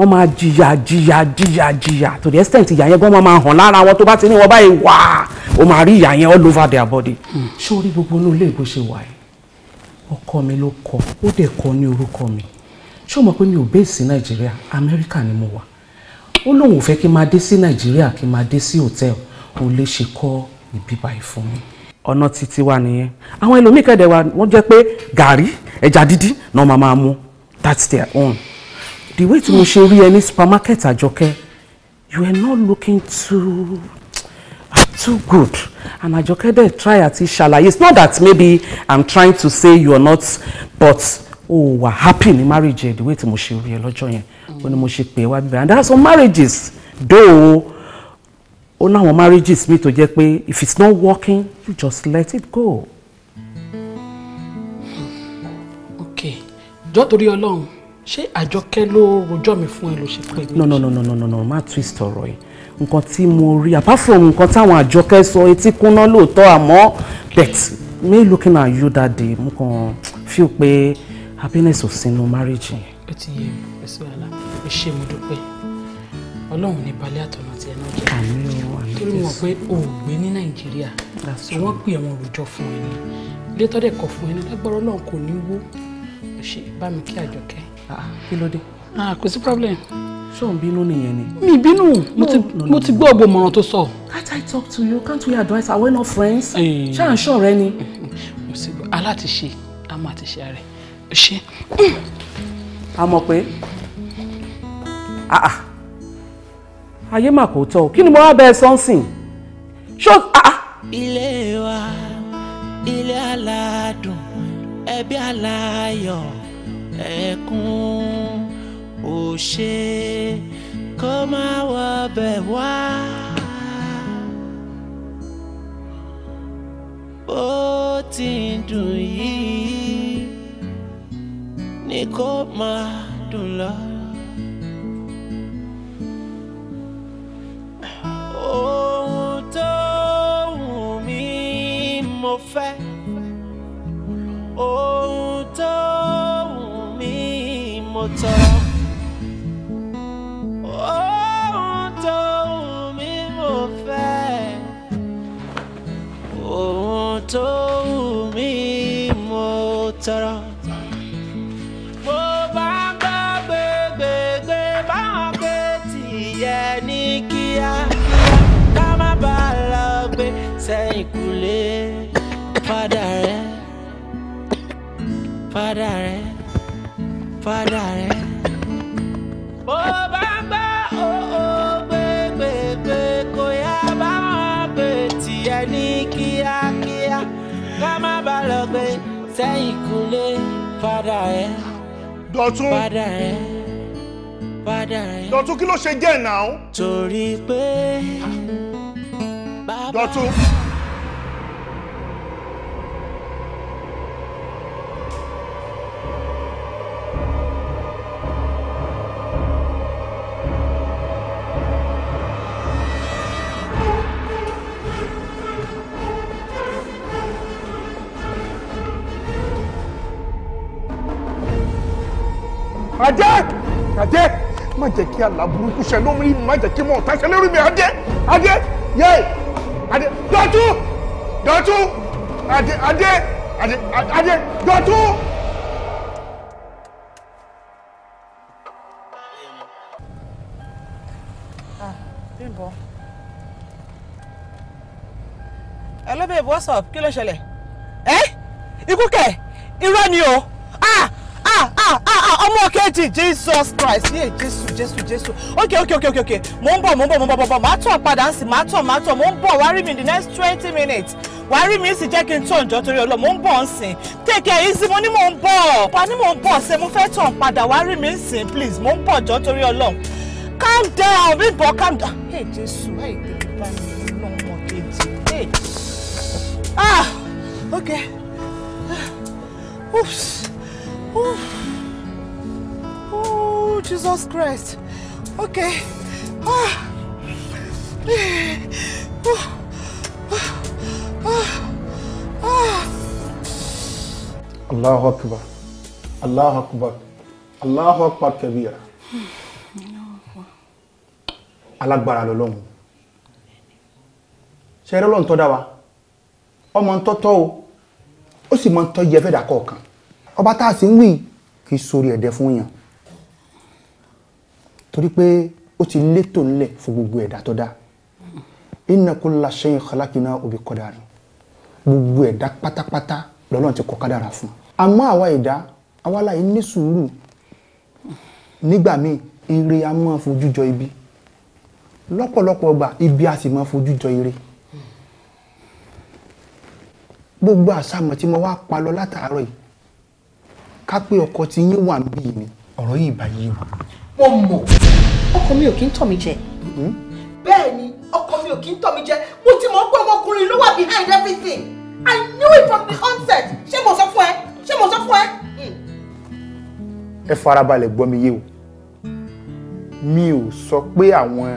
wọ́n máa jìyà jìyà jìyà jìyà to the extent ìyà yẹn gan wọ́n máa hàn lára wọn tó bá ti ní wọn báyìí wá o máa rí ìyà yẹn all over their body. sórí hmm. gbogbo inú ilé ìbò ṣe wà ẹ́ ọkọ mi ló kọ ó dẹ̀ kọ ní orúkọ mi ṣé o mọ̀ pé mi ò bẹ́ẹ̀ sí nàìjíríà amẹ́ríkà ni mo wà ó lóun ò fẹ́ kí n máa dé sí nàìjíríà kí n máa dé sí hòtẹ́ẹ̀lì ò lè ṣe kọ́ ìbíba ìfún mi. ọ̀nà títí wa nìyẹn àwọn ẹlòmíkẹ́dẹ̀ wa wọ́n jẹ́ pé gàrí ẹja dídí that's their own the way to mo ṣe rí ẹ ní supermarket àjọkẹ́ you are not looking too ah, too good and àjọkẹ́ dẹ̀ try ati ṣàlàyé it's not that maybe i'm trying to say you are not but oh, wà happy ní marriage the way to mo ṣe rí ẹ lọ́jọ́ yẹn ó ní mo ṣe pè é wá and there are some marriages though ó láwọn marriages mi to jẹ́ pé if it's not working you just let it go. Hmm. Okay, jọ́ torí ọlọ́run ṣé àjọkẹ́ ló rojọ́ mi fún ẹ ló ṣe pé. no no no no no no má twist ọ̀rọ̀ yìí nǹkan tí mo rí apart from nǹkan táwọn àjọkẹ́ sọ etí kúnná lóòótọ́ àmọ́ bet me looking at you that day mo kàn feel pé happiness ò sínú marriage yẹn. ó ti yẹ ẹsẹ wàhálà ẹ ṣé mo dúpẹ́ ọlọ́run ní balẹ̀ àtọ̀nà tí ẹ náà jẹ́ àmì o àmì torí wọn pé o ò gbé ní nàìjíríà so wọ́n pè àwọn òròjọ fún ẹ ní ilé tọ́dẹ̀ kọ̀ fún ẹ ní lágbára ọlọ́run kò ní wó ẹ bá mi kí àjọkẹ́. Ah, kí ló dé. Ah, kò sí problem. ṣé ò ń bínú nìyẹn ni. mi bínú mo ti gbọ́ ògbó mọ̀ràn tó sọ. can't I talk to you can't we advise are we not friends. Eh. ṣé à ń ṣọ̀rẹ́ ni. aláàtìṣe a máa ti ṣe rẹ̀ ṣe. a mọ̀ pé ah, ayé mà kò tọ́ kí ni mo wá bẹ́ẹ̀ sọ́nsìn ṣó. ilé wa ilé aládùn ẹbí aláyọ̀ ẹkún ò ṣe kó má wọbẹ̀ wá. bó ti ń dùn yìí ni kó máa dùn lọ. ohun tó wù mí mo fẹ́ ohun tó tọ́. Ohun tó wù mí mo fẹ́. Ohun tó wù mí mo tọrọ. Mo bá gbọ́ gbégbégbé báwọn pé tìyẹ fada rẹ. bó bá gbọ́ òó pépépé kò yá bá wọn pé tiẹ̀ ní kíákíá ká má bá lọ gbé sẹ́yìn kúlé fada rẹ. Eh? dọ̀tún fada rẹ eh? fada rẹ. Eh? dọ̀tún kí ló ṣe jẹ́ náà. torí pé. dọ̀tún. adé adé má jẹ́ kí àlá burúkú ṣe lómi rí mi má jẹ́ kí mọ̀ ọ̀tá ṣe lórí mi adé adé yé adé dọ̀tú dọ̀tú adé adé adé adé dọ̀tú. Ah, Bímbọ́ ẹ ló bẹ̀ what's up kí ló ṣẹlẹ̀ ẹ́ eh? ikú kẹ̀ irọ́ ni o ọmọ kejì jesus christ yé jésù jésù jésù ok ok ok ok ok mò ń bọ̀ mò ń bọ̀ mò ń bọ̀ bọ̀ màá tọ̀ padà ń sì màá tọ̀ màá tọ̀ mò ń bọ̀ wá mi in the next twenty minutes wàá rí mi ń sì jẹ́ kí n tọ̀ ǹjọ́ torí ọlọ́ mò ń bọ̀ ń sìn take it easy mo ní mò ń bọ̀ pa ní mò ń bọ̀ ṣe mo fẹ́ tọ̀ padà wàá mi sìn please mò ń bọ̀ ǹjọ́ torí ọlọ́ calm down bí bọ̀ calm down. Hey, jésù Hey. ah Okay. Ah, oops. Oof. Oh, Jesus Christ. Okay. Oh. Oh. Allahu Akbar. Allahu Akbar. Allahu Akbar kabira. Alágbára lọ́lọ́run. Ṣé ẹrẹ́ lọ́n tọ́ dá wa? Ọmọ ń tọ́tọ́ o. Ó sì mọ ń tọ́ yẹ fẹ́dà kọ̀ọ̀kan. Ọba tá a sì ń wí kì í sórí ẹ̀dẹ̀ torí pé ó ti létò ńlẹ̀ fún gbogbo ẹ̀dá tó dá inna kulla shay'in khalaqnahu bi qadar gbogbo ẹ̀dá pátápátá lọ́lọ́run ti kọ kádàrá fún àmọ́ àwa ẹ̀dá àwa láì ní sùúrù nígbà míì ire a máa fojú jọ ibi lọ́pọ̀lọpọ̀ ọgbà ibi a sì máa fojú jọ ire gbogbo àsámọ̀ tí mo wá pa lọ látàárọ̀ yìí ká pé ọkọ tí yín wà ń bí ni ọ̀rọ̀ yìí bá yé wa mo mọ̀. ọkọ mi ò kí ń tọ̀ mí jẹ. Hmm? bẹ́ẹ̀ ni ọkọ mi ò kí ń tọ̀ mí jẹ mo ti mọ̀ pé ọmọkùnrin ló wà behind everything I knew it from the onset ṣé mo sọ fún ẹ ṣé mo sọ fún ẹ. Hmm. ẹ farabalẹ̀ gbọ́ mi yé o mi ò sọ pé àwọn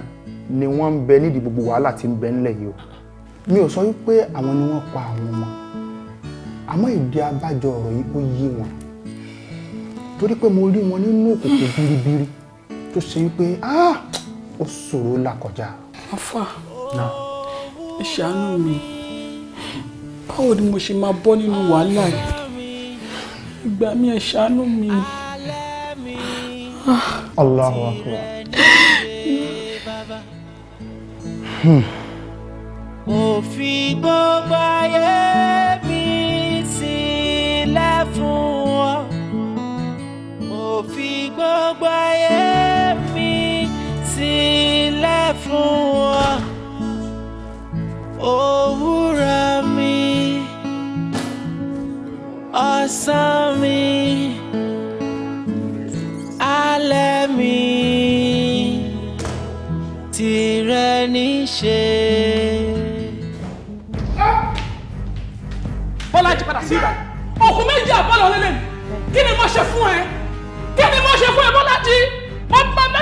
ni wọ́n ń bẹ nídìí gbogbo wàhálà tí ń bẹ ńlẹ̀ yìí o mi ò sọ wípé àwọn ni wọ́n pa àwọn ọmọ àmọ́ ìdí abájọ ọ̀rọ̀ yìí ó yé wọn torí pé mo rí wọn nínú òkùnkùn biribiri tó ṣe wípé ah, ó ṣòro là afa ẹ ṣàánú mi báwo ni mo ṣe máa bọ́ nínú wàhálà yìí ìgbà mi ẹ mi. Ah. Allahu akbar. òfin hmm. gbogbo ayé mi sílẹ̀ fún ọ òfin gbogbo ayé sílẹ̀ fún wa òwúrọ̀ mi ọ̀sán mi alẹ́ mi tìrẹ níṣe. bọ́lájì padà sí ibà òkú méjì àbọ̀lọ̀ lélẹ̀ kí ni mo ṣe fún ẹ kí ni mo ṣe fún ẹ bọ́lájì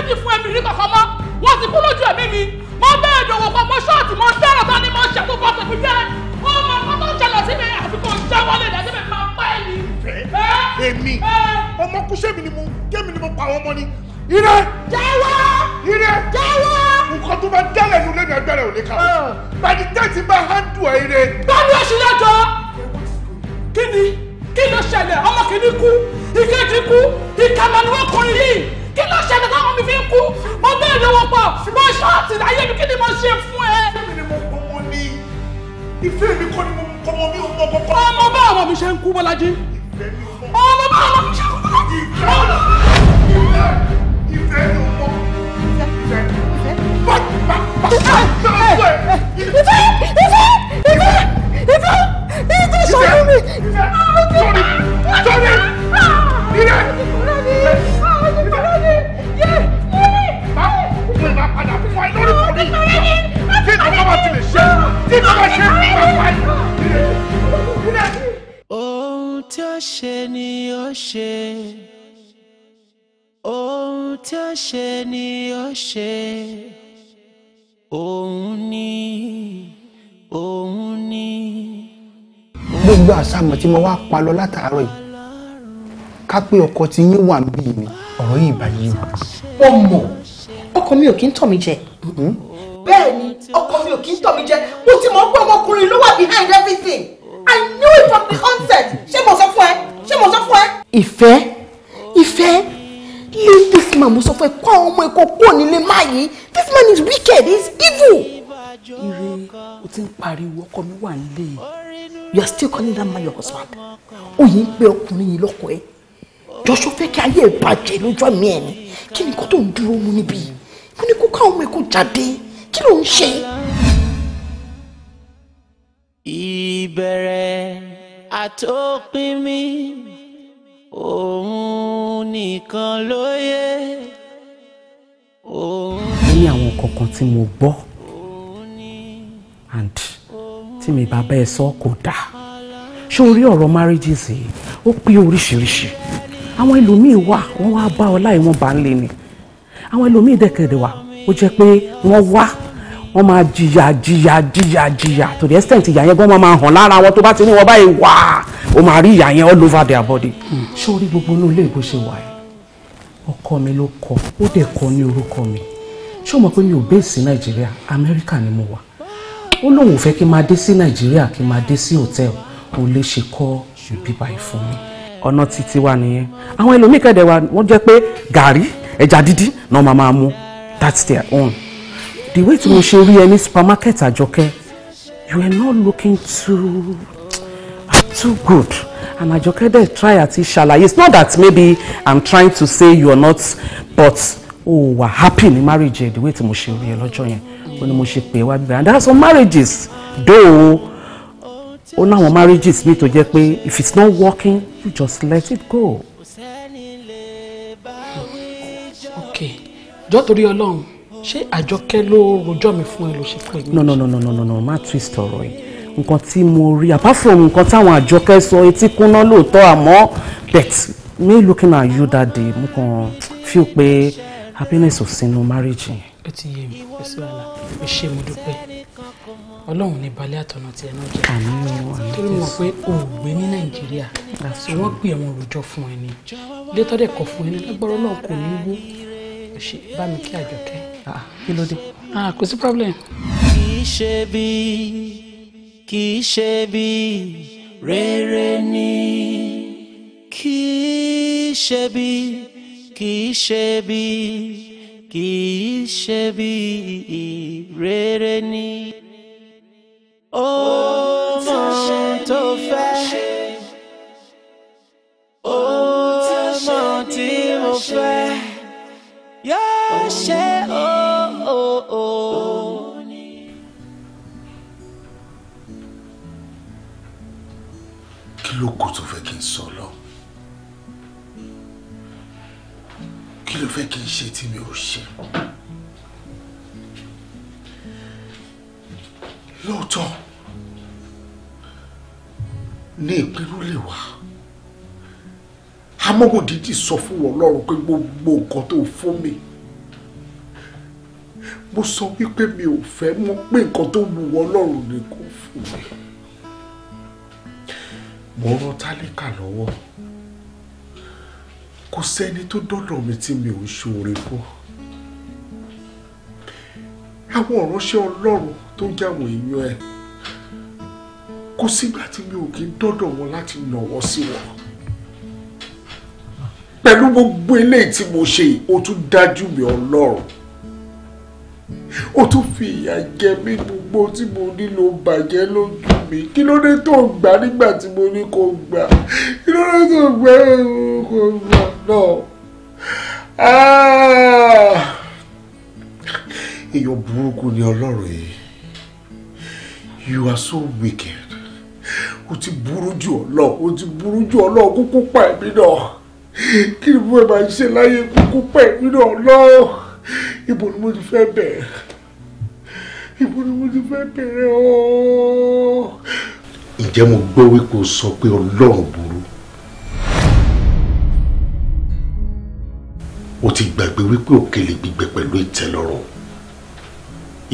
méjì fún ẹ̀mí rí kankan mọ́ wọ́n ti kú lójú ẹ̀mí mi mo bẹ́ẹ̀ dòwò pọ̀ mo ṣọ́ọ̀tì mo fẹ́ràn tán ni mo ṣètò bọ́ tèmi jẹ́ ó mọ nǹkan tó ń ṣẹlẹ̀ sí mi àfikún jáwọ́lé ìdájọ́ mi máa pa ẹ̀mí. èmi ọmọ kúṣẹ́ mi ni mo kémi ni mo pa àwọn ọmọ ni ire. jẹ́wọ́ ire. jẹ́wọ́. nǹkan tó bá dálẹ̀ ní olóyìn agbára ò lè kà bàdí tẹ́tí bá hándù ẹ̀ ire. báwo ṣe lẹ́jọ́ kí ni kí ló ṣẹlẹ̀ ọmọ kú ìkejì kú ìkàmánú ọkùnrin yìí kí ló ṣẹlẹ̀ táwọn mi fi ń kú mo gbé ìlówó pọ̀ mo ṣọ́ọ̀tì láyé mi kí ni mo ṣe fún ẹ. ìfẹ́ mi mo gbọ́mọ ní ìfẹ́ mi kọ́ ni mo kọ́ ọmọ mi ò mọ kọ́kọ́. ọmọ bá ọmọ mi ṣe ń kú Bọ́lájí. ọmọ bá ọmọ mi ṣe ń kú Bọ́lájí. ìfẹ́ ìfẹ́ mi ò mọ ìfẹ́ ìfẹ́ bá bá bá bá ìfẹ́ ìfẹ́ ìfẹ́ ìfẹ́ ìfẹ́ ìfẹ́ ìfẹ́ ìfẹ́ ìfẹ́ ìfẹ́ ìfẹ́ ìfẹ́ tí kò bá ṣe pàpà yìí. ohun tí ó ṣe ni ó ṣe ohun tí ó ṣe ni ó ṣe òun ni òun ni. gbogbo àṣàmọ̀ tí mo wá pa lọ látàárọ̀ yìí ká pé ọkọ tí yín wà ń bí mi ọ̀rọ̀ yìí bá yé mi. ó ọkọ mi ò kí ń tọ̀ mí jẹ. Mm-hmm bẹ́ẹ̀ ni ọkọ mi ò kí ń tọ̀ mí jẹ mo ti mọ̀ pé ọmọkùnrin ló wà behind everything I knew it from the onset ṣé mo sọ fún ẹ ṣé mo sọ fún ẹ. ìfẹ́ ìfẹ́ leave this man mo sọ fún ẹ kó àwọn ọmọ ẹ̀kọ́ kúrò nílé máa this man is wicked he is evil. ire o ti ń pariwo ọkọ mi wà nílé you are still calling that man your husband òye ń pe ọkùnrin yìí lọ́kọ ẹ̀ jọ́sọ́ fẹ́ kí ayé ẹ̀ bàjẹ́ lójú àmì ẹ̀ ni kí ni kó tó ń dúró mú níbí mo ní kó káwọn ọmọ ẹ̀kọ́ jáde ló ń ṣe. ìbẹ̀rẹ̀ àtòpin mi òun nìkan ló yẹ. mo ní àwọn kankan tí mo gbọ́ and tí mi bá bẹ́ẹ̀ sọ kò dáa ṣé orí ọ̀rọ̀ marriages yìí ó pé oríṣiríṣi àwọn ẹlòmíì wà wọ́n wá bá ọ láì wọ́n bá ń lé ni àwọn ẹlòmíì dẹ̀kẹ̀dẹ̀ wà ó jẹ́ pé wọ́n wá wọ́n máa jìyà jìyà jìyà jìyà to the extent ìyà yẹn gan wọ́n máa hàn lára wọn tó bá ti ní wọn báyìí wá o máa rí ìyà yẹn all over their body. sórí hmm. gbogbo inú ilé ìbò ṣe wà ẹ́ ọkọ mi ló kọ ó dẹ̀ kọ ní orúkọ mi ṣé o mọ̀ pé mi ò bẹ́ẹ̀ sí nàìjíríà amẹ́ríkà ni mo wà ó lóun ò fẹ́ kí n máa dé sí nàìjíríà kí n máa dé sí hòtẹ́ẹ̀lì o lè ṣe kọ́ ìbí báyìí fún mi. ọ̀nà títí wa nìyẹn àwọn ẹlòmíkẹ́dẹ̀ wa wọ́n jẹ́ pé gàrí ẹja dídí náà máa máa mú that's their own the way to mo ṣe rí ẹ ní supermarket àjọkẹ́ you are not looking too ah, too good and àjọkẹ́ dẹ̀ try àti ṣàlàyé it's not that maybe i'm trying to say you are not but o oh, wà happy ní marriage the way to mo ṣe rí ẹ lọ́jọ́ yẹn ó ní mo ṣe pè é wá and there are some marriages though ó láwọn marriages mi to jẹ́ pé if it's not working you just let it go. Okay, jọ́ torí ọlọ́run ṣé àjọkẹ́ ló rojọ́ mi fún ẹ ló ṣe fún no no no no no no má twist ọ̀rọ̀ yìí nǹkan tí mo rí apart from nǹkan táwọn àjọkẹ́ sọ etí kúnná lóòótọ́ àmọ́ bet me looking at you that day mo kàn feel pé happiness ò sínú marriage yẹn. ó ti yé mi kò sí wàhálà ẹ ṣé mo dúpẹ́ ọlọ́run ní balẹ̀ àtọ̀nà tí ẹ náà jẹ́ torí mọ̀ pé o ò gbé ní nàìjíríà tí wọ́n pè wọ́n rojọ́ fún ẹ ní létọ́dẹ̀ kọ̀ fún ẹ ní lágbára kò ní wú bá mi kí àjọkẹ́. Ah, kí ló dé. Ah, kò sí problem. kì í ṣe bí kì í ṣe bí rere ni kì í ṣe bí kì í ṣe bí kì í ṣe bí rere ni. Oh. ṣe tí mi ò ṣe. lóòótọ́ ní ìpinnu lè wà amóhùndídì sọ fún wọn lọ́rùn pé gbogbo nǹkan tó fún mi mo sọ wípé mi ò fẹ́ mọ̀ pé nǹkan tó wù wọn lọ́rùn ni kò fún mi mo rán tálíkà lọ́wọ́ kò sẹ́ni tó dọ́dọ̀ mi tí mi ò ń ṣoore fún àwọn ìránṣẹ́ ọlọ́run tó ń jáwọn èèyàn ẹ̀ kò sígbà tí mi ò kí ń dọ́dọ̀ wọn láti nàwọ́ sí wọn pẹ̀lú gbogbo eléyìí tí mo ṣe ó tún dájú mi ọlọ́run ó tún fi ìyà jẹ mí gbogbo tí mo nílò bàjẹ́ lójú mi kí ló dé tó ń gbà nígbà tí mo ní kó gbà kí ló dé tó gbà kó gbà lọ. Ah. èèyàn burúkú ni ọlọ́run yìí you are so wicked o ti burú jù ọlọ o ti burú jù ọlọ kúkú pa ẹ̀mí náà kí ni mo máa ṣe láyé kúkú pa ẹ̀mí náà lọ ibo ni mo ti fẹ́ bẹ̀rẹ̀ ibo ni mo ti fẹ́ bẹ̀rẹ̀ ọ́. ǹjẹ́ mo gbọ́ wípé o sọ pé ọlọ́run burú. o ti gbàgbé wípé òkèlè gbígbẹ pẹ̀lú ìtẹ́lọ́rùn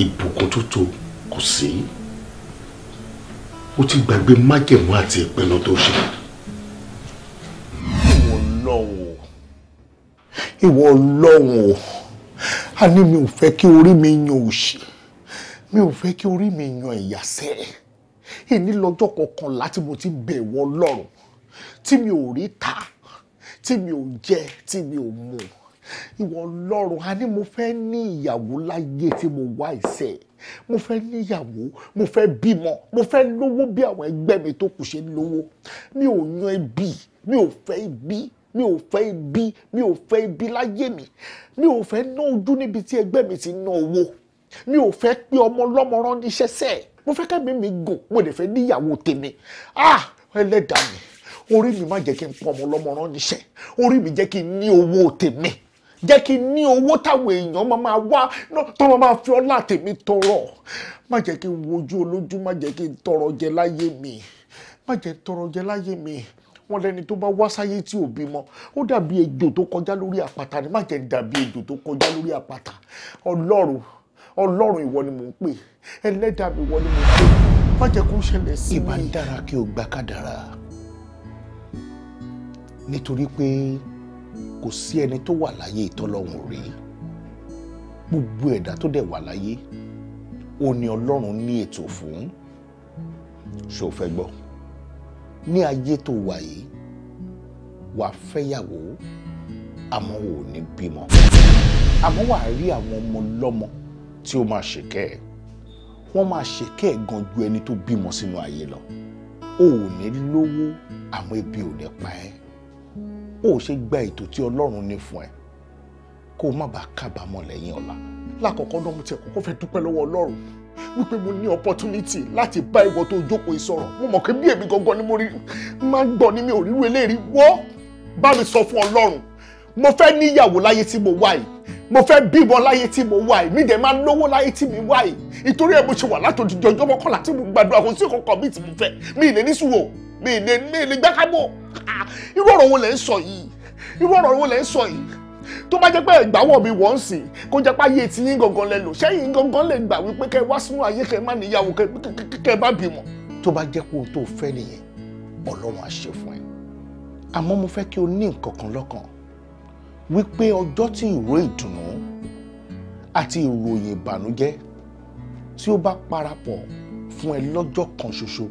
ìbùkún tó tó kò sí o ti gbàgbé májẹ̀mú àti ìpinnu tó ṣe. ìwọ lọ́wọ́ ìwọ lọ́wọ́ a ní mi ò fẹ́ kí orí mi yan òṣì mi ò fẹ́ kí orí mi yan ìyàsẹ́ ìní lọ́jọ́ kọkànlá tí mo ti bẹ̀ wọ́ lọ́rùn tí mi ò rí ta tí mi ò jẹ tí mi ò mu ìwọ ọlọ́run a ní mo fẹ́ ní ìyàwó láyé tí mo wá ìṣe mo fẹ́ níyàwó mo fẹ́ bímọ mo fẹ́ lówó bí àwọn ẹgbẹ́ mi tó kù ṣe ń lówó mi ò yan ẹbí mi ò fẹ́ ibi mi ò fẹ́ ibi mi ò fẹ́ ibi láyé mi mi ò fẹ́ ná ojú níbi tí ẹgbẹ́ mi ti ná owó mi ò fẹ́ pé ọmọ ọlọ́mọ níṣẹ́ sẹ́ẹ̀ mo fẹ́ kẹ́mi mi gùn mo lè fẹ́ níyàwó tèmi ah ẹlẹ́dàá mi orí mi má jẹ́ kí n pọ̀ ọmọ ọlọ́mọ rán níṣẹ́ orí mi jẹ́ kí n ní owó tèmi jẹ́ kí n ní owó táwọn èèyàn máa máa wá tọ́wọ́ máa fi ọlá tèmi tọrọ má jẹ́ kí n wojú olójú má jẹ́ kí n tọrọ jẹ láyé mi má jẹ́ tọrọ jẹ láyé mi wọn lẹni tó bá wá sáyé tí ò bímọ ó dàbí ejò tó kọjá lórí àpáta ni má jẹ́ dàbí ejò tó kọjá lórí àpáta ọlọ́run ọlọ́run ìwọ ni mò ń pè ẹlẹ́dàá mi ìwọ ni mò ń pè má jẹ́ kó ṣẹlẹ̀ sí mi. ìbá dára kí o gbà kádàrá nítorí pé. Pe kò sí ẹni tó wà láyé ìtọ́lọ́run rí gbogbo ẹ̀dá tó dẹ̀ wà láyé ó ní ọlọ́run ní ètò fún ṣó fẹ́ gbọ́ ní ayé tó wà yìí wàá fẹ́yàwó àmọ́ ò ní bímọ àmọ́ wàá rí àwọn ọmọ lọ́mọ tí ó máa ṣèkẹ́ ẹ̀ wọ́n máa ṣèkẹ́ ẹ̀ gan ju ẹni tó bímọ sínú ayé lọ ò ní lówó àmọ́ ebi ò ní pa ẹ́ o ò ṣe gba ètò tí ọlọ́run ní fún ẹ kó o má bàa kábàámọ̀ lẹ́yìn ọ̀la lákọ̀ọ́kọ́ náà mo tiẹ̀ kọ́kọ́ fẹ́ dúpẹ́ lọ́wọ́ ọlọ́run wípé mo ní opportunity láti bá ìwọ tó jókòó ìsọ̀rọ̀ mo mọ̀ pé bí èmi gangan ni mo rí máa ń gbọ́ ni mi ò ríru eléyìí wọ́ bá mi sọ fún ọlọ́run mo fẹ́ níyàwó láyé tí mo wà mo fẹ́ bímọ láyé tí mo wà yìí mi dẹ̀ máa lówó láyé tí mi wà yìí ìtorí ẹ̀ mo ṣe wà látòjújọ ọjọ́ mọ́kànlá tí mo gbàdúrà kò sí kankan mi tí mo fẹ́ mi ì lè ní sùwò mi ì lè mi ì lè gbákábọ̀ ah, irú ọ̀rọ̀ wo lẹ̀ ń sọ yìí irú ọ̀rọ̀ wo lẹ̀ ń sọ yìí tó bá jẹ́ pé ẹ̀gbáwọ̀ mi wọ́n ń sìn kó jẹ́ pé ayé tí yín gangan lẹ lò sẹ́yìn gangan lè gbà wípé kẹ́ wá sínú ayé kẹ́ má níyàwó kẹ́ bá bímọ tó bá jẹ́ pé o tó fẹ́ nìyẹn ọlọ́run á ṣe fún ẹ àmọ́ mo fẹ́ kí o ní nǹkan kan lọ́kàn wípé ọjọ́ tí ìró ìdùnnú àti ìròyìn ìbànújẹ́ tí ó bá parapọ̀ fún ẹ lọ́jọ́ kan ṣoṣo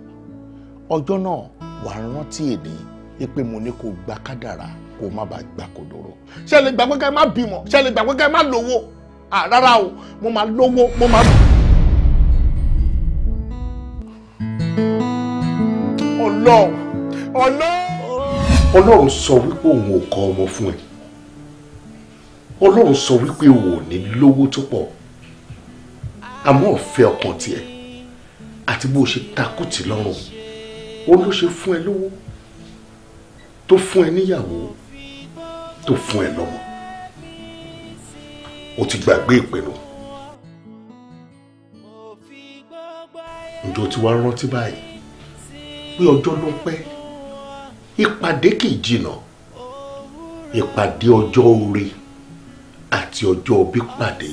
ọjọ́ náà wà á rántí èdè pé mo ní kó gba kádàrá kó má bàa gba kòdòrò ṣe lè gbà pé ká má bímọ ṣe lè gbà pé ká má lówó rárá o mo máa lówó mo máa. ọlọ́run ọlọ́run. sọ wípé òun ò kọ ọmọ fún ẹ ọlọ́run sọ wípé o ò ní lówó tó pọ̀ àmọ́ ọ̀fẹ́ ọkàn tiẹ̀ àti bó o ṣe takùtì lọ́rùn ó ló ṣe fún ẹ lówó tó fún ẹ níyàwó tó fún ẹ lọ́mọ o ti gbàgbé ìpinnu ǹjọ́ ti wá rántí báyìí pé ọjọ́ ló pẹ́ ìpàdé kì í jìnnà ìpàdé ọjọ́ orí àti ọjọ́ bí pàdé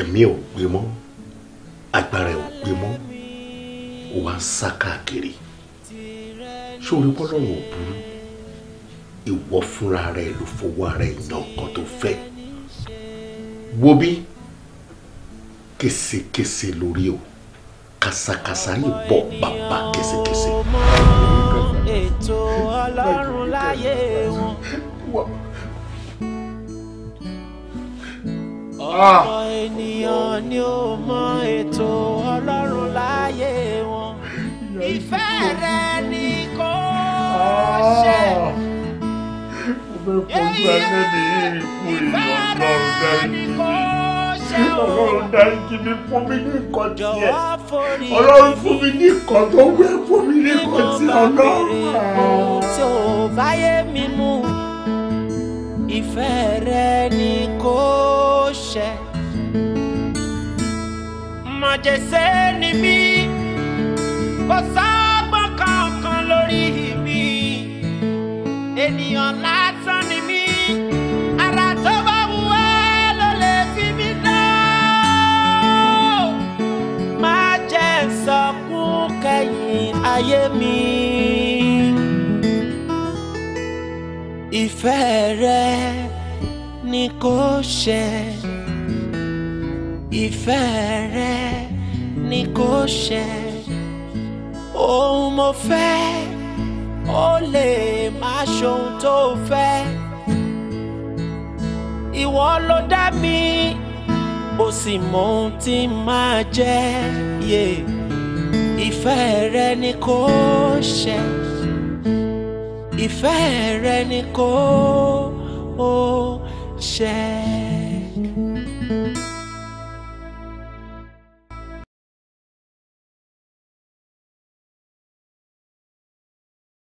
ẹ̀mí ò gbé mọ́ agbára ò gbé mọ́ ó wá ń sá káàkiri sórí kọ́lọ́run ò burú ìwọ fúnra rẹ ló fọwọ́ ara ẹ̀ yan nǹkan tó fẹ́ wo bí kẹsẹkẹsẹ lórí o kàsàkàsà lè bọ bàbá kẹsẹkẹsẹ. ètò ọlọ́run láyé wa. ọ̀pọ̀ ènìyàn ni ó mọ ètò Ọlọ́run láyé wọn ìfẹ́ rẹ ni kò ṣe. Ìfẹ́ rẹ ni kò ṣe ọlọ́run dáríjì mi fún mi ní nǹkan tiẹ̀ ọlọ́run fún mi ní nǹkan tó wẹ́ fún mi ní nǹkan tí ọlọ́run tí ìfẹ́ rẹ ni kò chefe. Májèsé ni mí, kò sọ́gbọ́n kankan lórí mi. Ènìyàn lásán ni mí, ara tó bá wù ẹ́ ló lè fi mí dá. Má jẹ́ ayé mi. Ìfẹ́ rẹ ni kò ṣe ìfẹ́ rẹ ni kò ṣẹ ohun mo fẹ́ ó lè má ṣohun tó fẹ́ ìwọ ló dá mi ó sì mọ ohun tí máa jẹ́ yé ìfẹ́ rẹ ni kò ṣẹ ìfẹ́ rẹ ni kò ṣẹ.